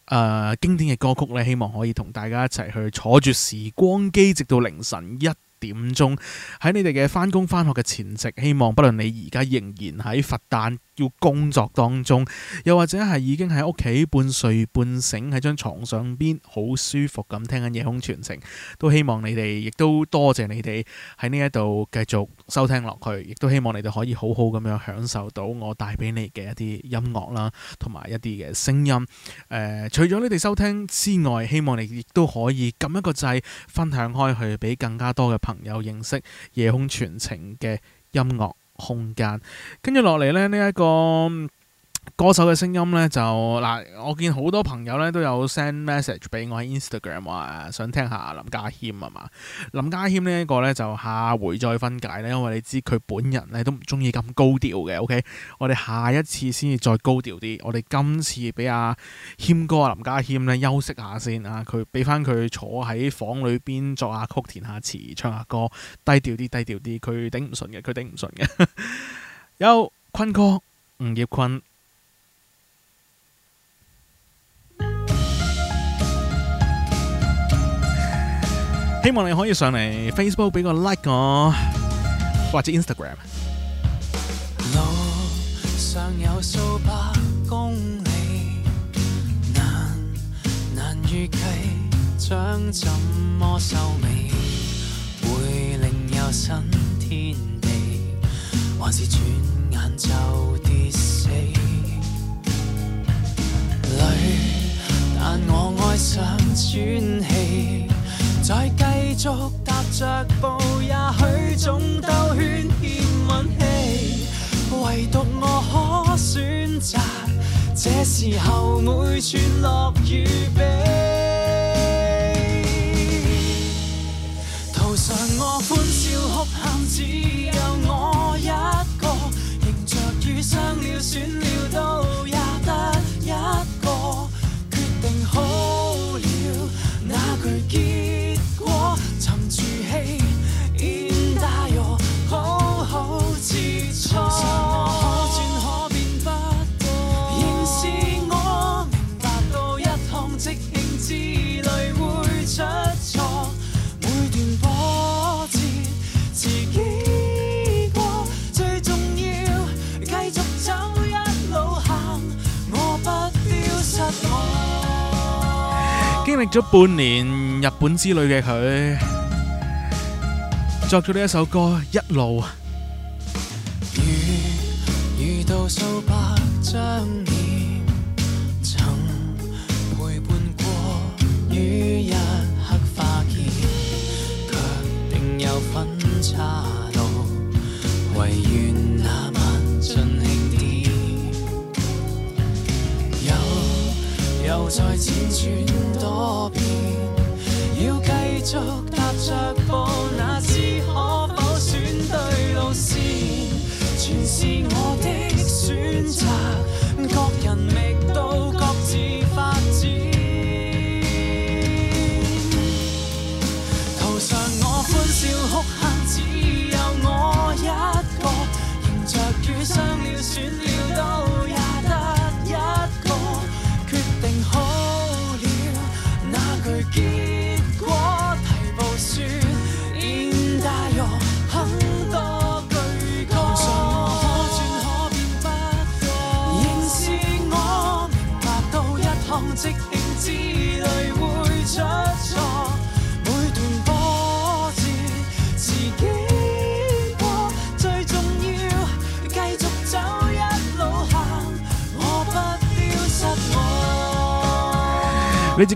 呃、經典嘅歌曲呢，希望可以同大家一齊去坐住時光機，直到凌晨一點鐘喺你哋嘅返工返學嘅前夕，希望不論你而家仍然喺佛誕，要工作當中，又或者係已經喺屋企半睡半醒喺張床上邊好舒服咁聽緊夜空傳情，都希望你哋，亦都多謝你哋喺呢一度繼續收聽落去，亦都希望你哋可以好好咁樣享受到我帶俾你嘅一啲音樂啦，同埋一啲嘅聲音。誒、呃，除咗你哋收聽之外，希望你亦都可以撳一個掣，分享開去俾更加多嘅朋友認識夜空傳情嘅音樂。空間，跟住落嚟咧，呢一個。歌手嘅聲音咧就嗱，我見好多朋友咧都有 send message 俾我喺 Instagram 話、啊、想聽下林家謙啊嘛。林家謙呢一個咧就下回再分解咧，因為你知佢本人咧都唔中意咁高調嘅。OK，我哋下一次先至再高調啲。我哋今次俾阿謙哥阿林家謙咧休息下先啊，佢俾翻佢坐喺房裏邊作下曲填下詞唱下歌，低調啲，低調啲。佢頂唔順嘅，佢頂唔順嘅。 有坤哥吳業坤。希望你可以上嚟 Facebook 俾個 like 我，或者 Instagram。路上有數百公里，難難預計將怎麼收尾，會另有新天地，還是轉眼就跌死？女，但我愛上喘氣，在。繼續踏着步，也許總兜圈欠運氣，唯獨我可選擇，這時候每寸樂與悲。途上我歡笑哭喊，只有我一個，迎着雨傷了、損了都也。咗半年日本之旅嘅佢，作咗呢一首歌，一路。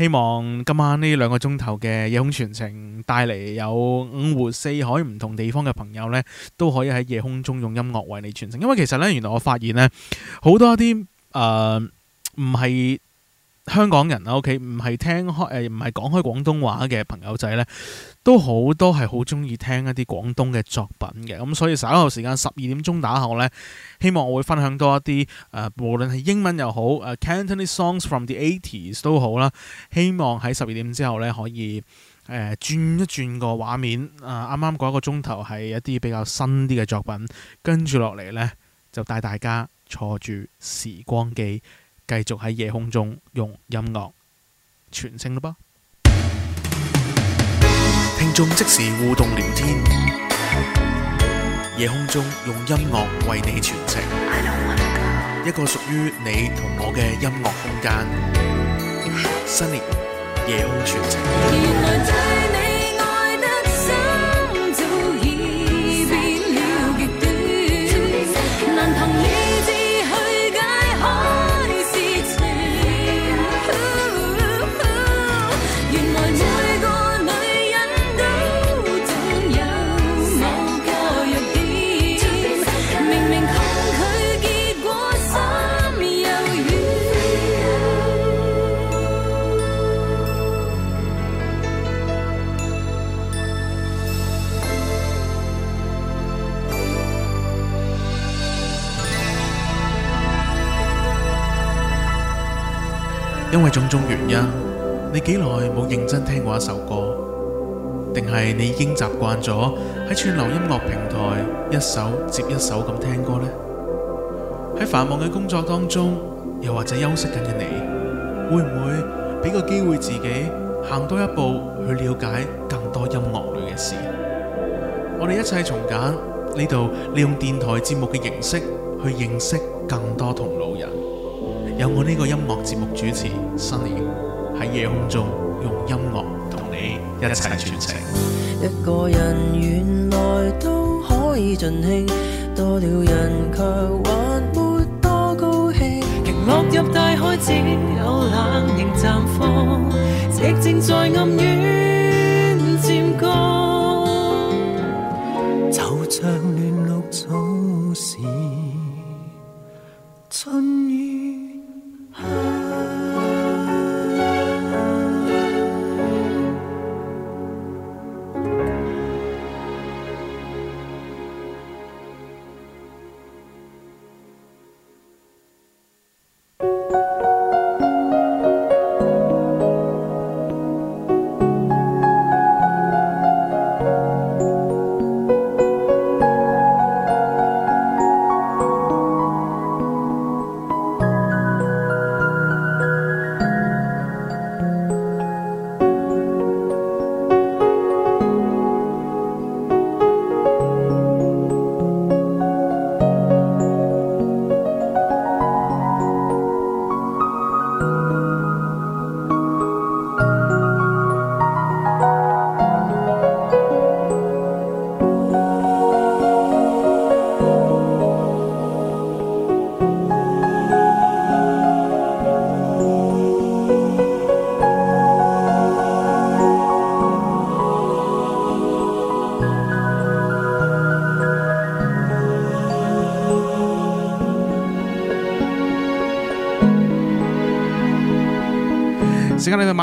希望今晚呢兩個鐘頭嘅夜空傳情帶嚟有五湖四海唔同地方嘅朋友呢，都可以喺夜空中用音樂為你傳情。因為其實呢，原來我發現呢，好多一啲誒唔係。呃香港人喺屋企唔係聽開誒，唔係講開廣東話嘅朋友仔咧，都好多係好中意聽一啲廣東嘅作品嘅。咁所以稍後時間十二點鐘打後咧，希望我會分享多一啲誒、呃，無論係英文又好誒、啊，Cantonese songs from the eighties 都好啦。希望喺十二點之後咧，可以誒、呃、轉一轉個畫面。誒、啱啱嗰一個鐘頭係一啲比較新啲嘅作品，跟住落嚟咧就帶大家坐住時光機。繼續喺夜空中用音樂傳情咯噃，聽眾即時互動聊天，夜空中用音樂為你傳情，一個屬於你同我嘅音樂空間，新年夜空傳情。因為種種原因，你幾耐冇認真聽過一首歌？定係你已經習慣咗喺串流音樂平台一首接一首咁聽歌呢？喺繁忙嘅工作當中，又或者休息緊嘅你，會唔會俾個機會自己行多一步去了解更多音樂裏嘅事？我哋一切從簡呢度，利用電台節目嘅形式去認識更多同路人。有我呢個音樂節目主持，Sunny 喺夜空中用音樂同你一齊傳情。一個人原來都可以盡興，多了人卻還沒多高興。情落入大海只有冷凝綻放，寂靜在暗處漸降。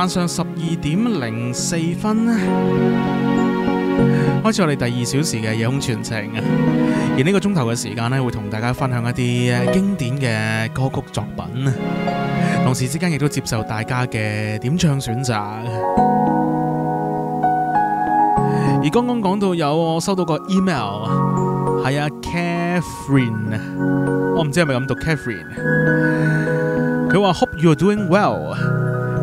上十二點零四分，開始我哋第二小時嘅夜空傳情啊！而呢個鐘頭嘅時間會同大家分享一啲經典嘅歌曲作品，同時之間亦都接受大家嘅點唱選擇。而剛剛講到有我收到個 email，係啊，Katherine，我唔知係咪咁讀 Katherine。佢話：Hope you are doing well。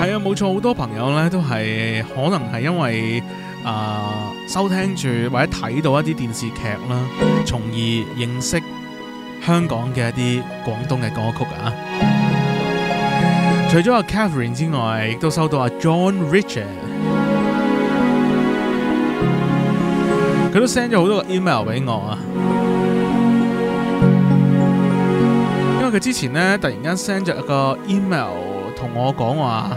係啊，冇錯，好多朋友咧都係可能係因為啊、呃、收聽住或者睇到一啲電視劇啦，從而認識香港嘅一啲廣東嘅歌曲啊。除咗阿 Catherine 之外，亦都收到阿 John Richard，佢都 send 咗好多個 email 俾我啊。因為佢之前呢突然間 send 咗一個 email 同我講話。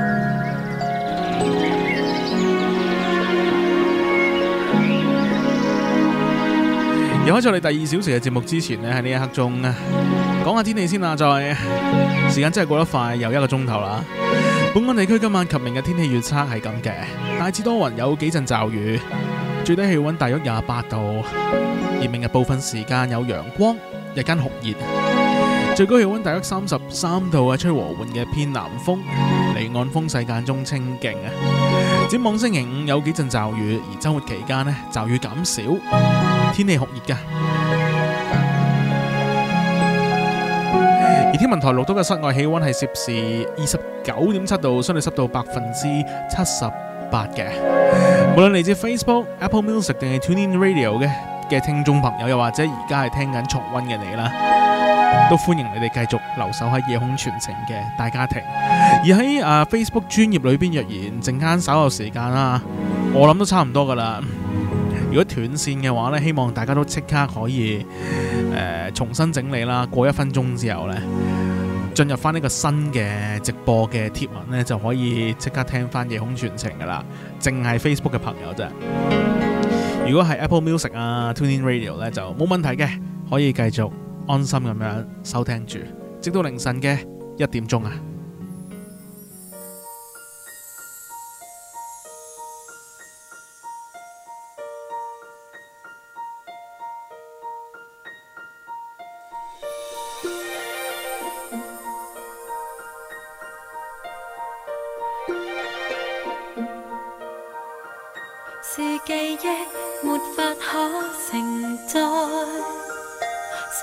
又開在你第二小時嘅節目之前咧，喺呢一刻鐘講下天氣先啦。再時間真係過得快，又一個鐘頭啦。本港地區今晚及明日天氣預測係咁嘅，大致多雲，有幾陣驟雨，最低氣温大約廿八度，而明日部分時間有陽光，日間酷熱，最高氣温大約三十三度，啊，吹和緩嘅偏南風，離岸風勢間中清勁啊。展望星期五有幾陣驟雨，而周末期間呢，驟雨減少。天氣酷熱噶，而天文台錄到嘅室外氣溫係攝氏二十九點七度，相對濕度百分之七十八嘅。無論嚟自 Facebook、Apple Music 定係 TuneIn Radio 嘅嘅聽眾朋友，又或者而家係聽緊重溫嘅你啦，都歡迎你哋繼續留守喺夜空傳情嘅大家庭。而喺啊 Facebook 專頁裏邊，若然陣間稍有時間啦，我諗都差唔多噶啦。如果斷線嘅話咧，希望大家都即刻可以誒、呃、重新整理啦。過一分鐘之後咧，進入翻呢個新嘅直播嘅貼文咧，就可以即刻聽翻夜空全程噶啦。淨係 Facebook 嘅朋友啫。如果係 Apple Music 啊、TuneIn Radio 咧，就冇問題嘅，可以繼續安心咁樣收聽住，直到凌晨嘅一點鐘啊。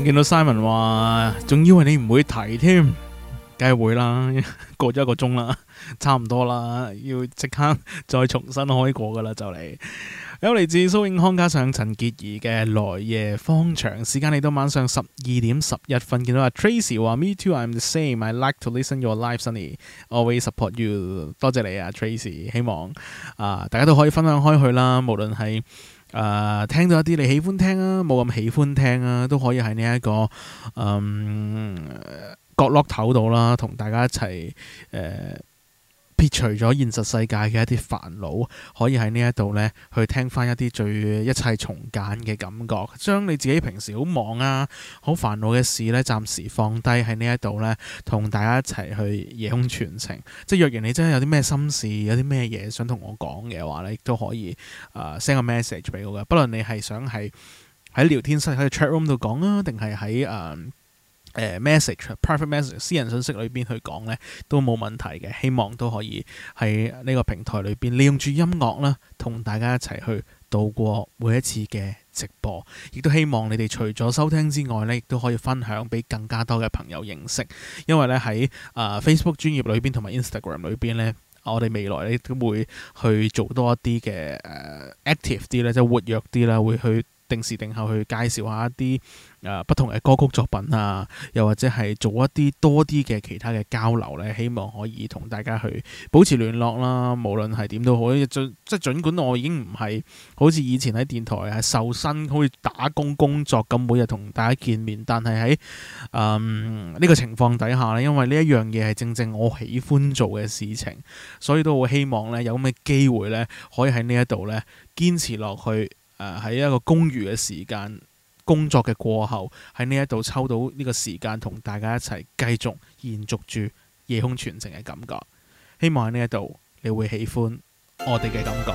見到 Simon 話，仲以為你唔會提添，梗係會啦，過咗一個鐘啦，差唔多啦，要即刻再重新開過噶啦就嚟。有嚟自蘇永康加上陳潔儀嘅《來夜方長》，時間嚟到晚上十二點十一分，見到阿 Tracy 話 Me too，I'm the same，I like to listen your life，Sunny，always support you，多謝你啊 Tracy，希望啊，大家都可以分享開去啦，無論係。誒、呃、聽到一啲你喜歡聽啊，冇咁喜歡聽啊，都可以喺呢一個嗯、呃、角落頭度啦，同大家一齊誒。呃撇除咗現實世界嘅一啲煩惱，可以喺呢一度呢去聽翻一啲最一切從簡嘅感覺，將你自己平時好忙啊、好煩惱嘅事呢，暫時放低喺呢一度呢，同大家一齊去夜空傳情、嗯。即係若然你真係有啲咩心事、有啲咩嘢想同我講嘅話呢都可以啊 send、呃、個 message 俾我嘅。不論你係想係喺聊天室喺 chat room 度講啊，定係喺啊。呃呃、message、private message、私人信息裏面去講呢都冇問題嘅。希望都可以喺呢個平台裏面，利用住音樂啦，同大家一齊去度過每一次嘅直播。亦都希望你哋除咗收聽之外呢，亦都可以分享俾更加多嘅朋友認識。因為呢喺啊 Facebook 專頁裏面同埋 Instagram 裏面呢，我哋未來呢都會去做多一啲嘅、呃、active 啲咧，即係活躍啲啦，會去。定時定候去介紹一下一啲誒、呃、不同嘅歌曲作品啊，又或者係做一啲多啲嘅其他嘅交流咧，希望可以同大家去保持聯絡啦。無論係點都好，即係、就是、儘管我已經唔係好似以前喺電台係受薪，好似打工工作咁，每日同大家見面。但係喺呢個情況底下咧，因為呢一樣嘢係正正我喜歡做嘅事情，所以都好希望咧有咁嘅機會咧，可以喺呢一度咧堅持落去。誒喺一個公餘嘅時間，工作嘅過後，喺呢一度抽到呢個時間，同大家一齊繼續延續住夜空傳情嘅感覺。希望喺呢一度，你會喜歡我哋嘅感覺。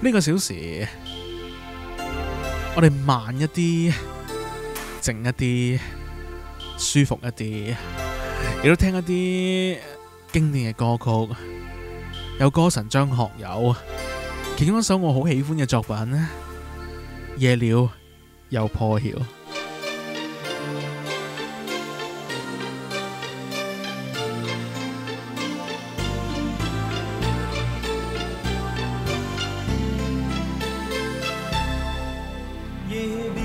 呢、這個小時，我哋慢一啲，靜一啲，舒服一啲。亦都聽一啲經典嘅歌曲，有歌神張學友。聽一首我好喜歡嘅作品咧，《夜了又破曉》。夜了，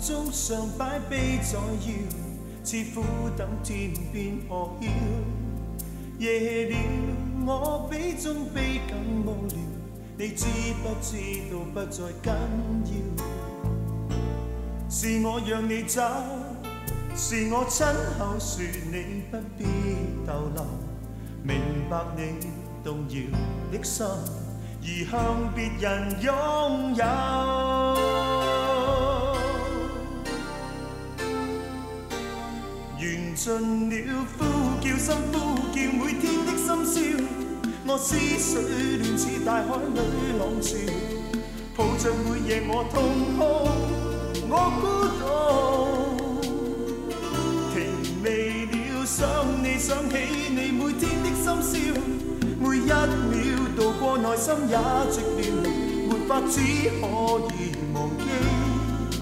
鐘上擺臂左搖，似乎等天邊破曉。夜了，我悲中悲感冒了。你知不知道不再緊要？是我讓你走，是我親口說你不必逗留。明白你動搖的心，而向別人擁有。緣盡了，呼叫，心呼叫，每天的深宵。我思緒亂似大海裏浪潮，抱着每夜我痛哭，我孤獨。停未了，想你想起你每天的深宵，每一秒度過內心也寂寥，沒法子可以忘記。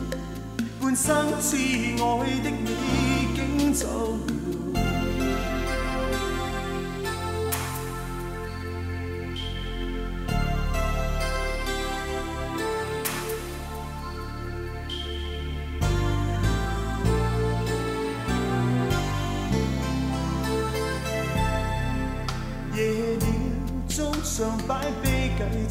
半生至愛的你竟走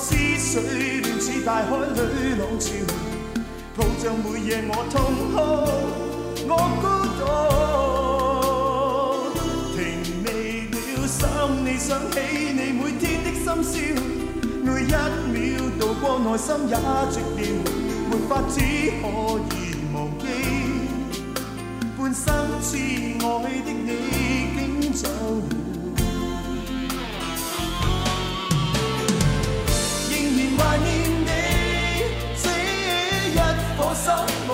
思緒亂似大海裏浪潮，抱着每夜我痛哭，我孤獨。停未了，心你想起你每天的深宵，每一秒渡過內心也寂寥，沒法子可以忘記，半生至愛的你竟走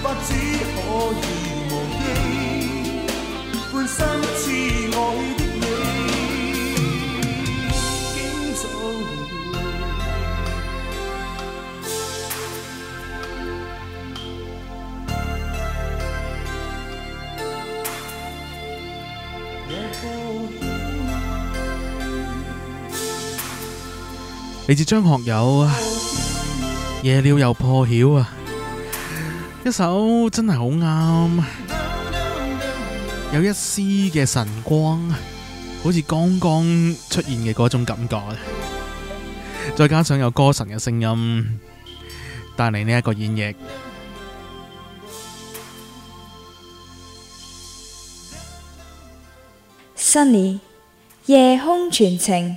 不只可以忘記似愛的你自張、yeah, 學友啊，夜了又破曉啊。一首真係好啱，有一絲嘅晨光，好似剛剛出現嘅嗰種感覺。再加上有歌神嘅聲音帶嚟呢一個演繹，Sunny 夜空傳情。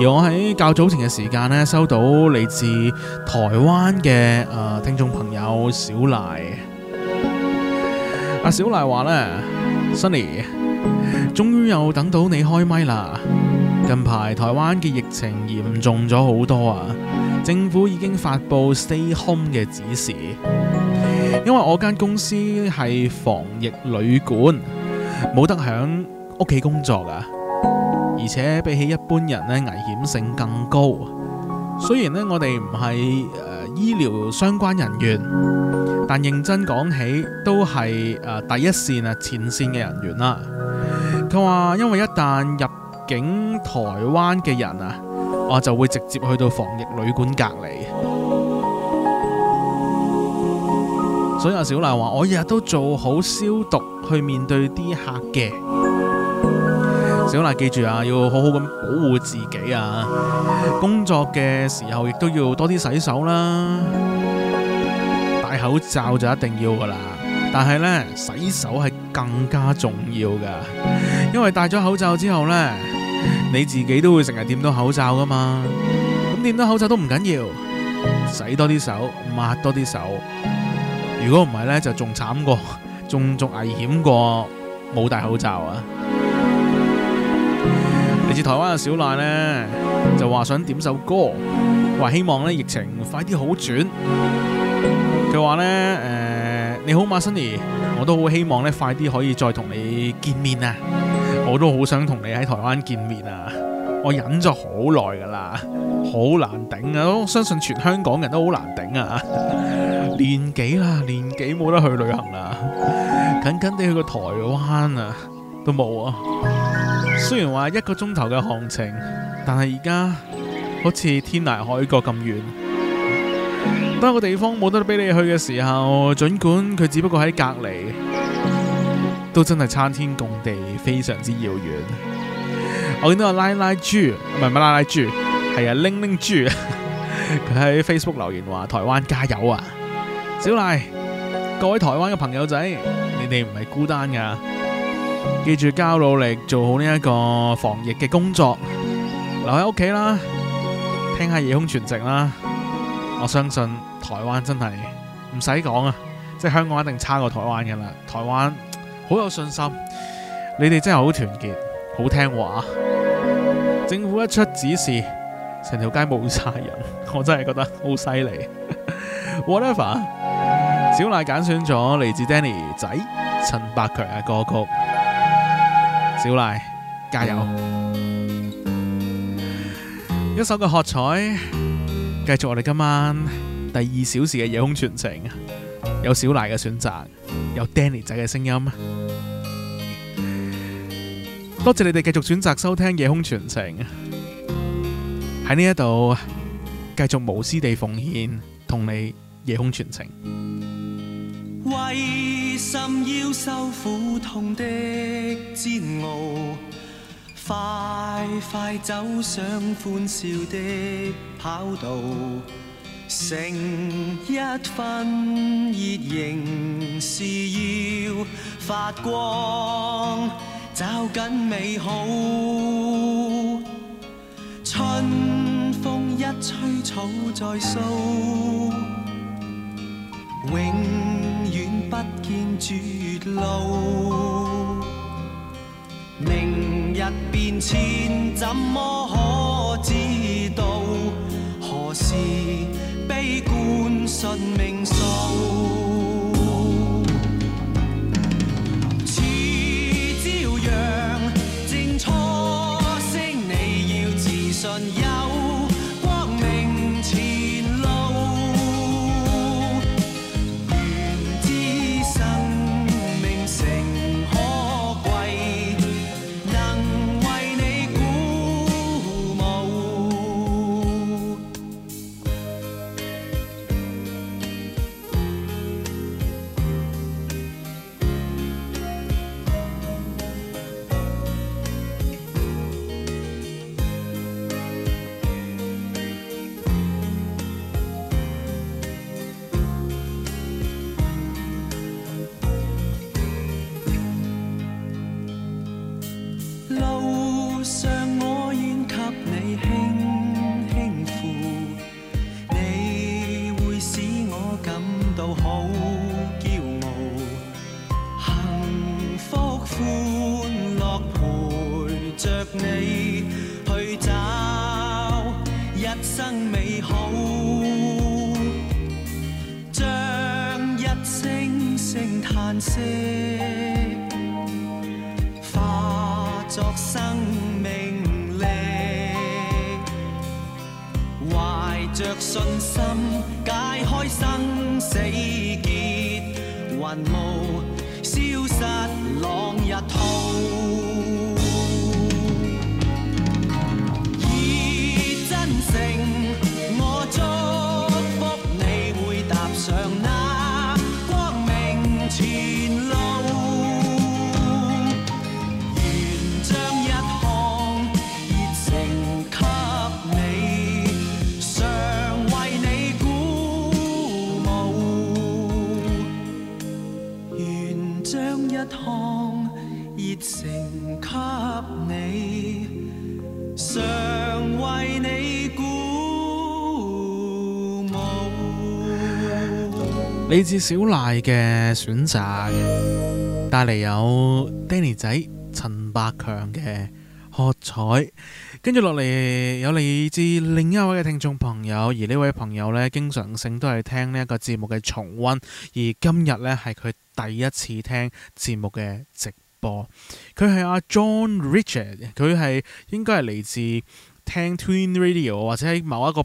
而我喺較早前嘅時間呢收到嚟自台灣嘅誒聽眾朋友小賴，阿小賴話呢 Sunny 終於又等到你開麥啦！近排台灣嘅疫情嚴重咗好多啊，政府已經發布 stay home 嘅指示，因為我間公司係防疫旅館，冇得響屋企工作㗎。而且比起一般人呢，危險性更高。雖然呢，我哋唔係誒醫療相關人員，但認真講起，都係誒第一線啊前線嘅人員啦。佢話：因為一旦入境台灣嘅人啊，我就會直接去到防疫旅館隔離。所以阿小麗話：我日日都做好消毒去面對啲客嘅。小記住啊，要好好咁保護自己啊！工作嘅時候亦都要多啲洗手啦，戴口罩就一定要噶啦。但係呢，洗手係更加重要噶，因為戴咗口罩之後呢，你自己都會成日掂到口罩噶嘛。咁掂到口罩都唔緊要，洗多啲手，抹多啲手。如果唔係呢，就仲慘過，仲仲危險過冇戴口罩啊！似台灣嘅小賴呢，就話想點首歌，話希望呢疫情快啲好轉。佢話呢，誒、呃、你好，馬修尼，Sunny, 我都好希望呢快啲可以再同你見面啊！我都好想同你喺台灣見面啊！我忍咗好耐噶啦，好難頂啊！我相信全香港人都好難頂啊！ 年幾啦？年幾冇得去旅行啦？近近哋去個台灣啊，都冇啊！雖然話一個鐘頭嘅行程，但係而家好似天涯海角咁遠。當個地方冇得俾你去嘅時候，儘管佢只不過喺隔籬，都真係參天共地，非常之遙遠。我見到阿拉拉豬，唔係乜拉拉豬，係啊玲玲豬，佢喺 Facebook 留言話台灣加油啊！小賴，各位台灣嘅朋友仔，你哋唔係孤單噶。記住交努力做好呢一個防疫嘅工作，留喺屋企啦，聽下夜空傳情啦。我相信台灣真係唔使講啊，即係香港一定差過台灣噶啦。台灣好有信心，你哋真係好團結，好聽話。政府一出指示，成條街冇晒人，我真係覺得好犀利。 Whatever，小賴揀選咗嚟自 Danny 仔陳百強嘅歌曲。小賴加油！一首嘅喝彩，繼續我哋今晚第二小時嘅夜空傳情。有小賴嘅選擇，有 Danny 仔嘅聲音。多謝你哋繼續選擇收聽夜空傳情。喺呢一度繼續無私地奉獻，同你夜空傳情。為甚要受苦痛的煎熬？快快走上歡笑的跑道。成一分熱，仍是要發光。找緊美好，春風一吹，草再蘇。永遠不見絕路，明日變遷怎麼可知道？何時悲觀認命數？嚟自小賴嘅選擇，帶嚟有 Danny 仔陳百強嘅喝彩，跟住落嚟有嚟自另一位嘅聽眾朋友，而呢位朋友咧，經常性都係聽呢一個節目嘅重溫，而今日咧係佢第一次聽節目嘅直播，佢係阿 John Richard，佢係應該係嚟自聽 Twin Radio 或者係某一個。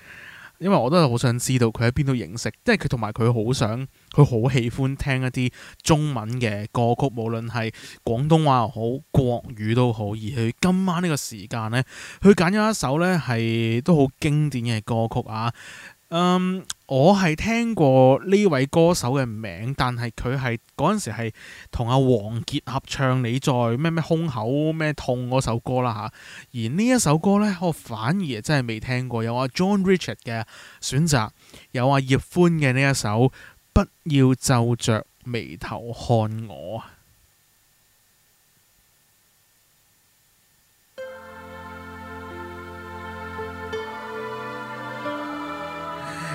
因為我都係好想知道佢喺邊度認識，即係佢同埋佢好想，佢好喜歡聽一啲中文嘅歌曲，無論係廣東話又好、國語都好。而佢今晚呢個時間呢，佢揀咗一首呢係都好經典嘅歌曲啊，嗯。我係聽過呢位歌手嘅名字，但係佢係嗰陣時係同阿王傑合唱《你在咩咩胸口咩痛》嗰首歌啦嚇。而呢一首歌呢，我反而真係未聽過。有阿 John Richard 嘅選擇，有阿葉歡嘅呢一首《不要皺着眉頭看我》。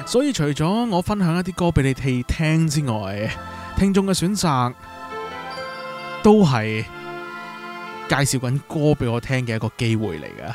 所以除咗我分享一啲歌畀你哋聽之外，聽眾嘅選擇都係介紹緊歌畀我聽嘅一個機會嚟㗎。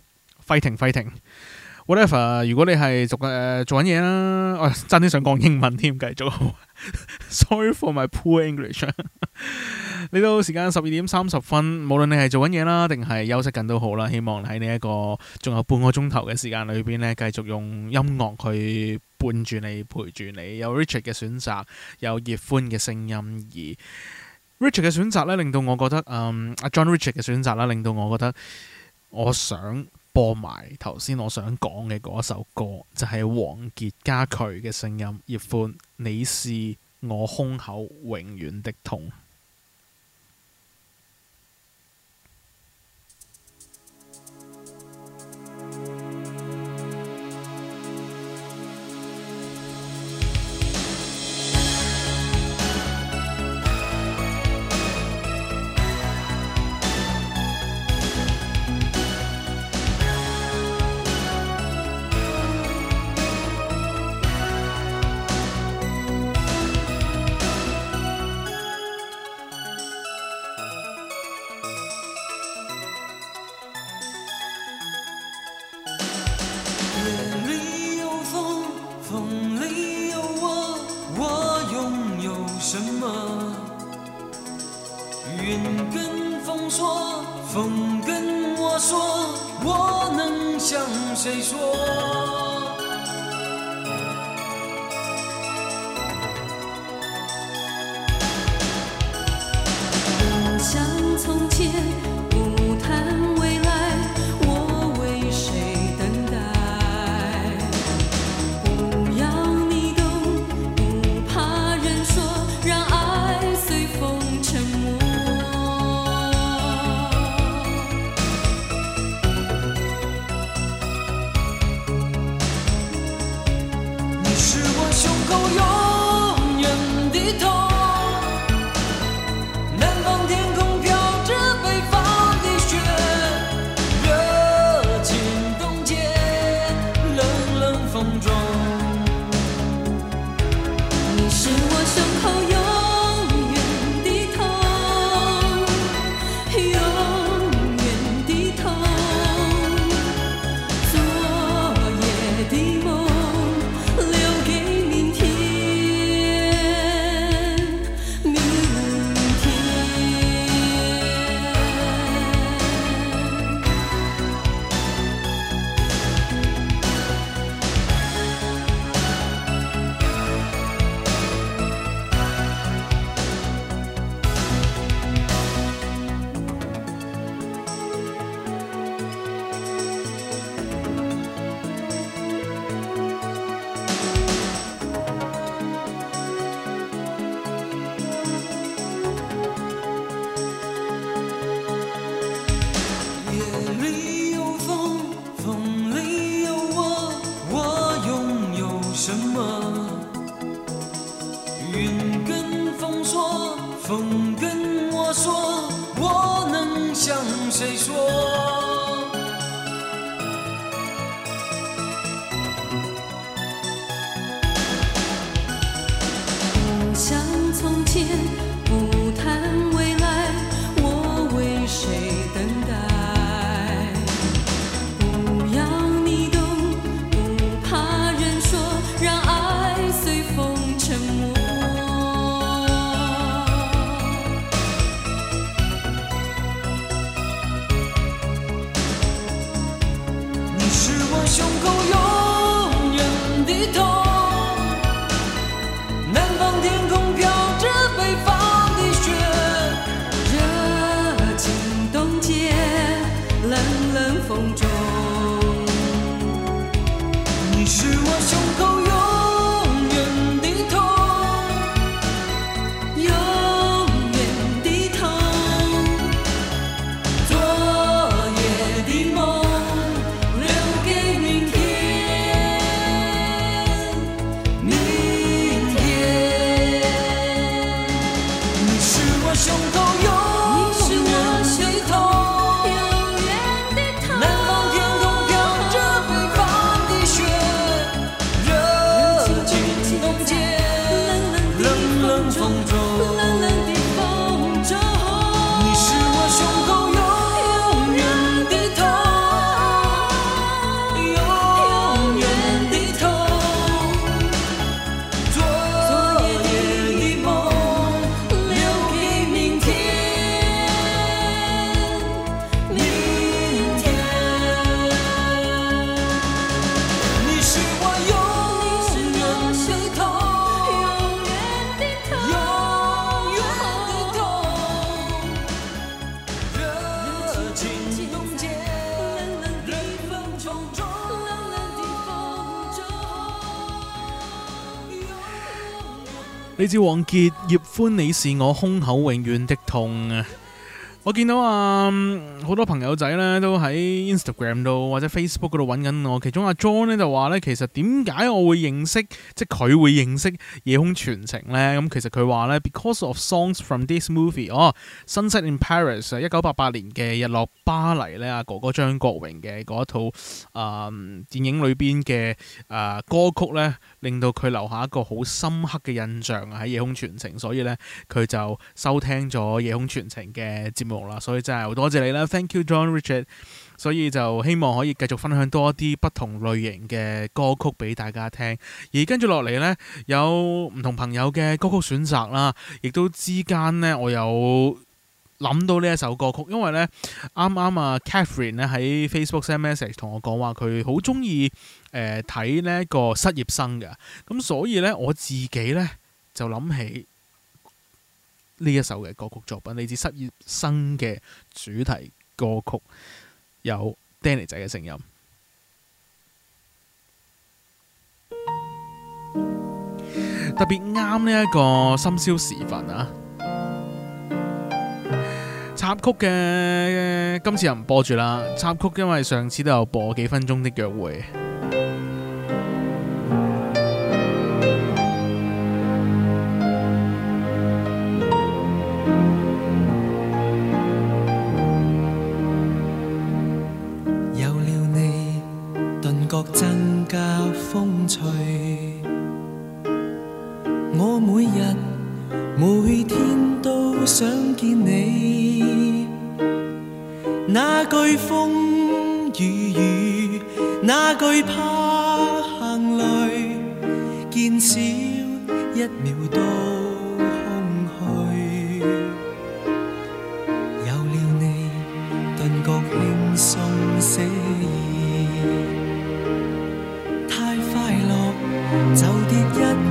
Fighting，fighting，whatever。如果你係做誒做緊嘢啦，我真啲想講英文添。繼續 ，sorry for my poor English。 嚟到時間十二點三十分，無論你係做緊嘢啦，定係休息緊都好啦。希望喺呢一個仲有半個鐘頭嘅時間裏邊呢，繼續用音樂去伴住你，陪住你。有 Richard 嘅選擇，有葉歡嘅聲音，而 Richard 嘅選擇呢，令到我覺得，嗯，阿 John Richard 嘅選擇啦，令到我覺得，我想。播埋頭先我想講嘅嗰首歌，就係、是、王傑加佢嘅聲音，葉歡，你是我胸口永遠的痛。誰說？王傑、葉歡，你是我胸口永遠的痛。我見到啊，好、嗯、多朋友仔咧都喺 Instagram 度或者 Facebook 度揾緊我。其中阿 John 咧就話咧，其實點解我會認識，即係佢會認識《夜空傳情》咧、嗯？咁其實佢話咧，because of songs from this movie，哦，《Sunset in Paris》啊，一九八八年嘅日落巴黎咧，阿哥哥張國榮嘅一套啊、嗯、電影裏邊嘅啊歌曲咧，令到佢留下一個好深刻嘅印象喺《夜空傳情》，所以咧佢就收聽咗《夜空傳情》嘅節目。啦，所以真係好多謝你啦，Thank you John Richard。所以就希望可以繼續分享多一啲不同類型嘅歌曲俾大家聽。而跟住落嚟呢，有唔同朋友嘅歌曲選擇啦，亦都之間呢，我有諗到呢一首歌曲，因為呢啱啱啊 Catherine 呢喺 Facebook send message 同我講話，佢好中意誒睇呢個失業生嘅。咁所以呢，我自己呢，就諗起。呢一首嘅歌曲作品，嚟自失業生嘅主題歌曲，有 Danny 仔嘅聲音，特別啱呢一個深宵時分啊！插曲嘅今次又唔播住啦，插曲因為上次都有播幾分鐘的約會。想見你，哪懼風雨雨，哪懼怕行雷，見少一秒都空虛。有了你，頓覺輕鬆寫意，太快樂就跌一。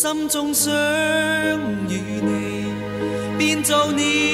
心中想與你，變做你。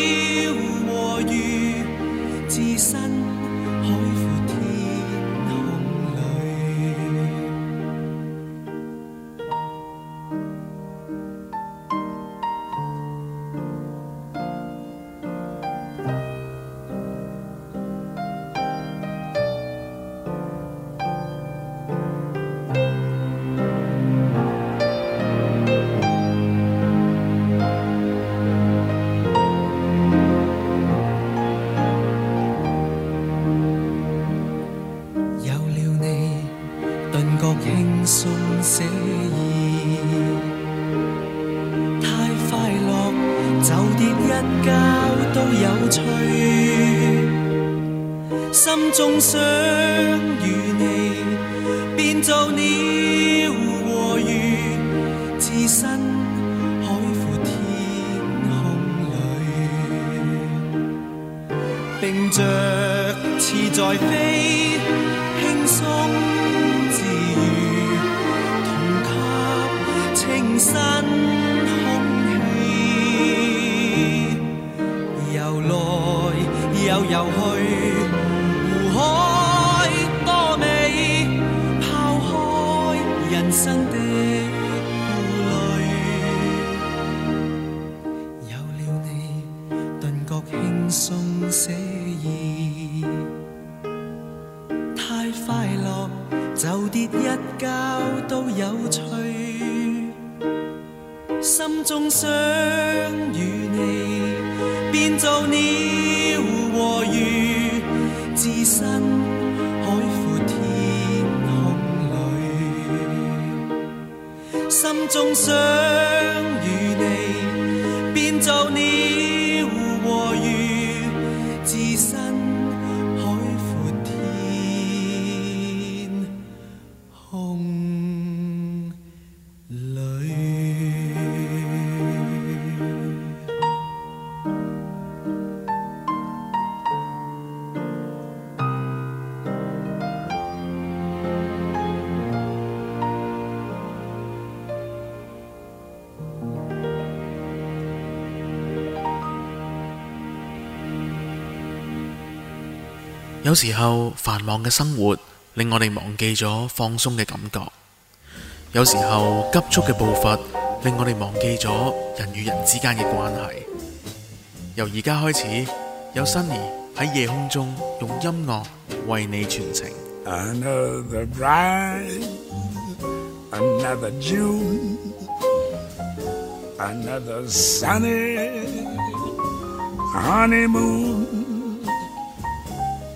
有時候繁忙嘅生活令我哋忘記咗放鬆嘅感覺，有時候急促嘅步伐令我哋忘記咗人與人之間嘅關係。由而家開始，有 Sunny 喺夜空中用音樂為你傳情。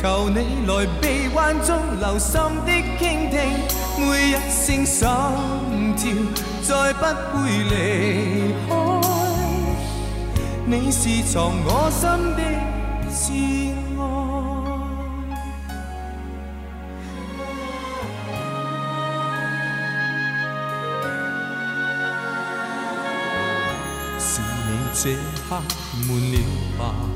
求你來臂彎中留心的傾聽，每一聲心跳再不會離開。你是藏我心的至愛，是你這刻悶了吧？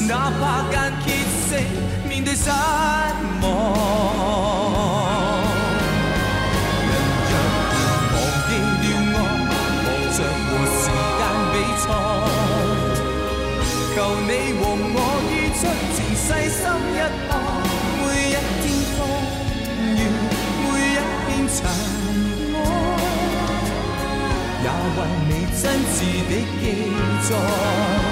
哪怕間歇性面對失望，人若然忘記了我，忙着和時間比賽。求你和我於窗前，細心一看，每一天風雨，每一片塵埃，也為你真摯的記載。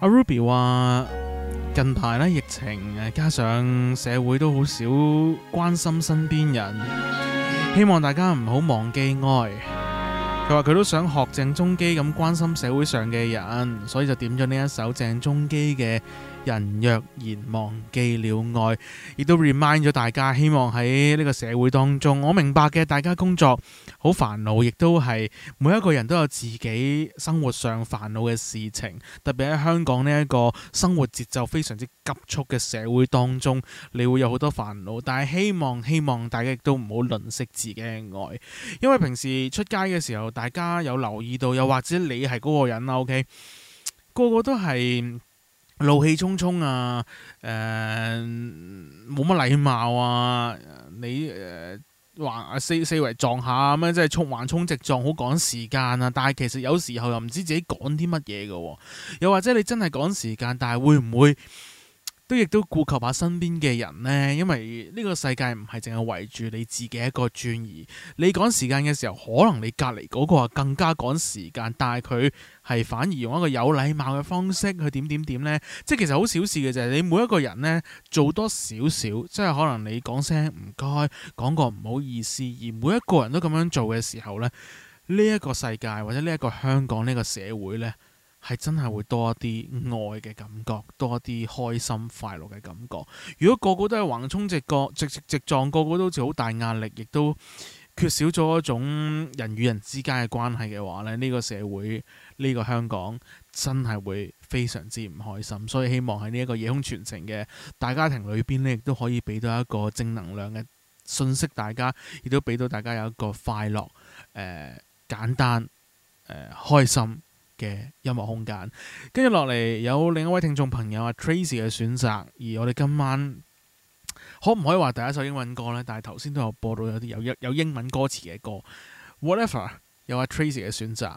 阿 Ruby 話：近排呢疫情，加上社會都好少關心身邊人，希望大家唔好忘記愛。佢話佢都想學鄭中基咁關心社會上嘅人，所以就點咗呢一首鄭中基嘅。人若然忘記了愛，亦都 remind 咗大家。希望喺呢個社會當中，我明白嘅，大家工作好煩惱，亦都係每一個人都有自己生活上煩惱嘅事情。特別喺香港呢一個生活節奏非常之急促嘅社會當中，你會有好多煩惱，但係希望希望大家亦都唔好吝嗇自己嘅愛，因為平時出街嘅時候，大家有留意到，又或者你係嗰個人啦。OK，個個都係。怒氣沖沖啊！誒、呃，冇乜禮貌啊！你誒、呃、四四圍撞下咁樣，即係橫衝直撞，好趕時間啊！但係其實有時候又唔知自己趕啲乜嘢嘅，又或者你真係趕時間，但係會唔會都亦都顧及下身邊嘅人呢？因為呢個世界唔係淨係圍住你自己一個轉移。你趕時間嘅時候，可能你隔離嗰個更加趕時間，但係佢。係反而用一個有禮貌嘅方式去點點點呢？即係其實好小事嘅就係。你每一個人呢，做多少少，即係可能你講聲唔該，講個唔好意思，而每一個人都咁樣做嘅時候呢，呢、呢、一個世界或者呢一個香港呢、呢個社會呢，係真係會多一啲愛嘅感覺，多一啲開心快樂嘅感覺。如果個個都係橫衝直撞，直直直撞，個個都好似好大壓力，亦都缺少咗一種人與人之間嘅關係嘅話呢，呢、呢個社會。呢、這個香港真係會非常之唔開心，所以希望喺呢一個夜空傳情嘅大家庭裏邊呢，亦都可以俾到一個正能量嘅信息，也給大家亦都俾到大家有一個快樂、誒、呃、簡單、呃、開心嘅音樂空間。跟住落嚟有另一位聽眾朋友阿 Tracy 嘅選擇，而我哋今晚可唔可以話第一首英文歌呢？但係頭先都有播到有啲有有英文歌詞嘅歌，Whatever，有阿 Tracy 嘅選擇。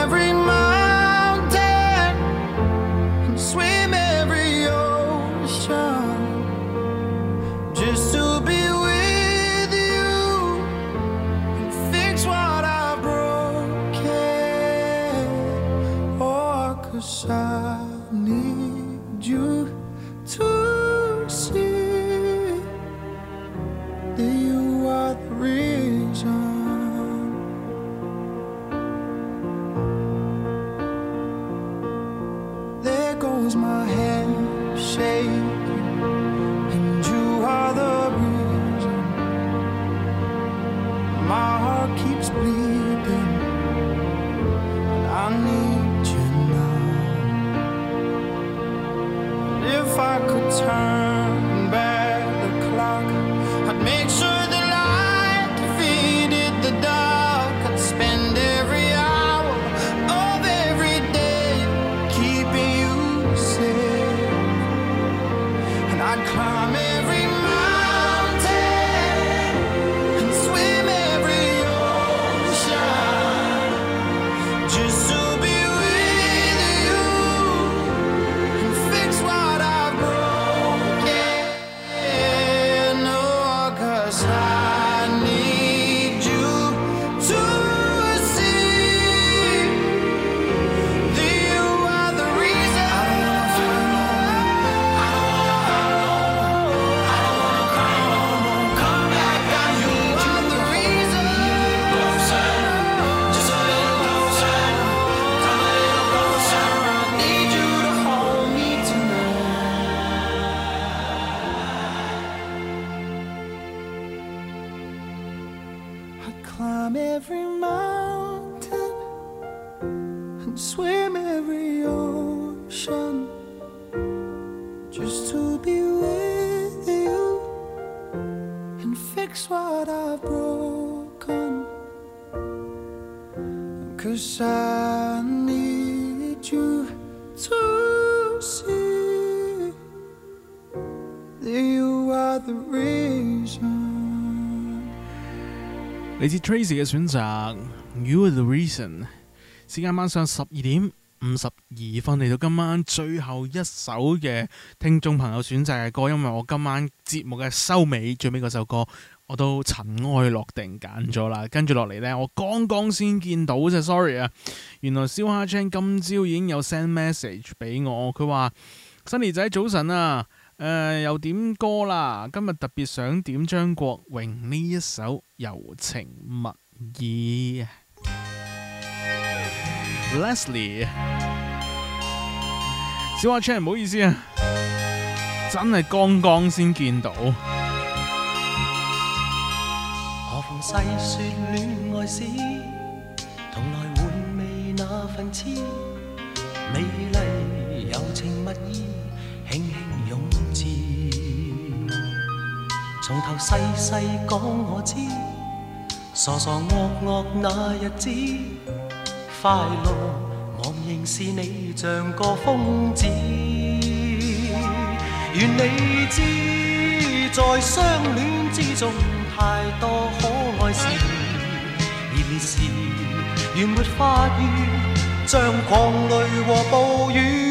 Tracy 嘅選擇，You Are The Reason 時時。時間晚上十二點五十二分，嚟到今晚最後一首嘅聽眾朋友選擇嘅歌，因為我今晚節目嘅收尾最尾嗰首歌，我都塵埃落定揀咗啦。跟住落嚟呢，我剛剛先見到啫，sorry 啊，原來燒蝦 Chan 今朝已經有 send message 俾我，佢話，Sunny 仔早晨啊。誒、呃，又點歌啦？今日特別想點張國榮呢一首《柔情蜜意》啊，Leslie，小阿 c h 唔好意思啊，真係剛剛先見到。何況用字，從頭細細講我知，傻傻惡惡那日子，快樂忙仍是你像個瘋子。願你知，在相戀之中太多可愛事，然而，願沒法遇像狂雷和暴雨。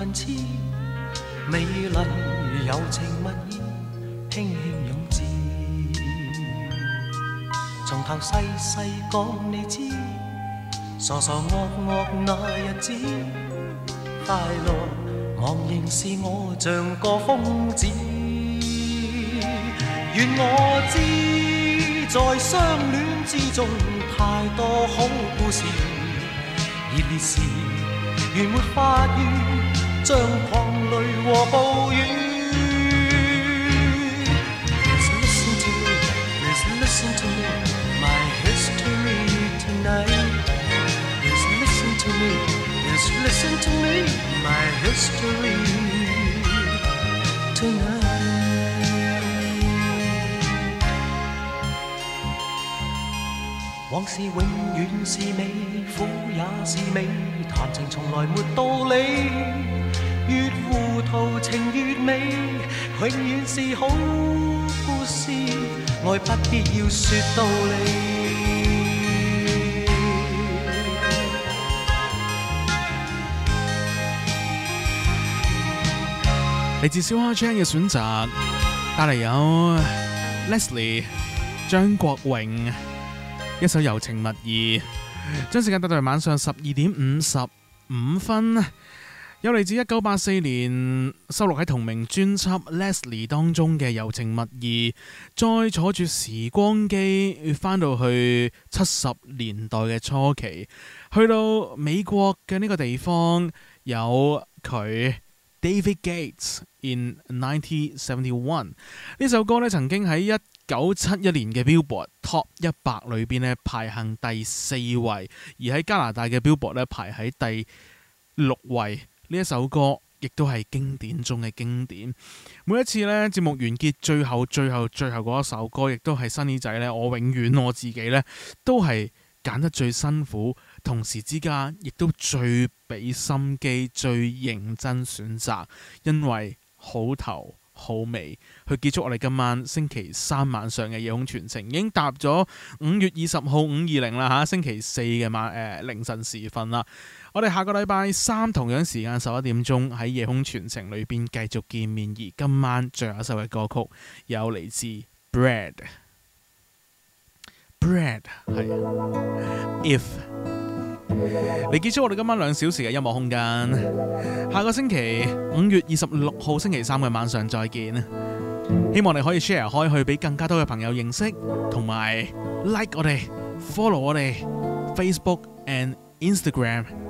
萬千美麗柔情蜜意，輕輕湧至。從頭細細講你知，傻傻惡惡那日子，快樂茫然是我像個瘋子。願我知，在相戀之中太多好故事，熱烈時，願沒法遇。像狂雷和暴雨，往事永遠是美，苦也是美，談情從來沒道理。越糊塗，情越美，永遠是好故事。愛不必要說道理。嚟自小阿 c 嘅選擇，帶嚟有 Leslie、張國榮一首《柔情蜜意》，將時間帶到嚟晚上十二點五十五分。有嚟自一九八四年收錄喺同名專輯《Leslie》當中嘅《柔情蜜意》。再坐住時光機返到去七十年代嘅初期，去到美國嘅呢個地方有佢 David Gates in 1971，呢首歌咧，曾經喺一九七一年嘅 Billboard Top 一百裏邊咧，排行第四位，而喺加拿大嘅 Billboard 咧排喺第六位。呢一首歌亦都係經典中嘅經典。每一次呢節目完結最後最後最後嗰一首歌，亦都係 Sunny 仔呢我永遠我自己呢都係揀得最辛苦，同時之間亦都最俾心機、最認真選擇，因為好頭好尾去結束我哋今晚星期三晚上嘅夜空傳情，已經踏咗五月二十號五二零啦嚇，星期四嘅晚誒、呃、凌晨時分啦。我哋下個禮拜三同樣時間十一點鐘喺夜空傳情裏邊繼續見面，而今晚最後一首嘅歌曲有嚟自 Bread。Bread 係，If 嚟結束我哋今晚兩小時嘅音樂空間。下個星期五月二十六號星期三嘅晚上再見。希望你可以 share 開去俾更加多嘅朋友認識，同埋 like 我哋，follow 我哋 Facebook and Instagram。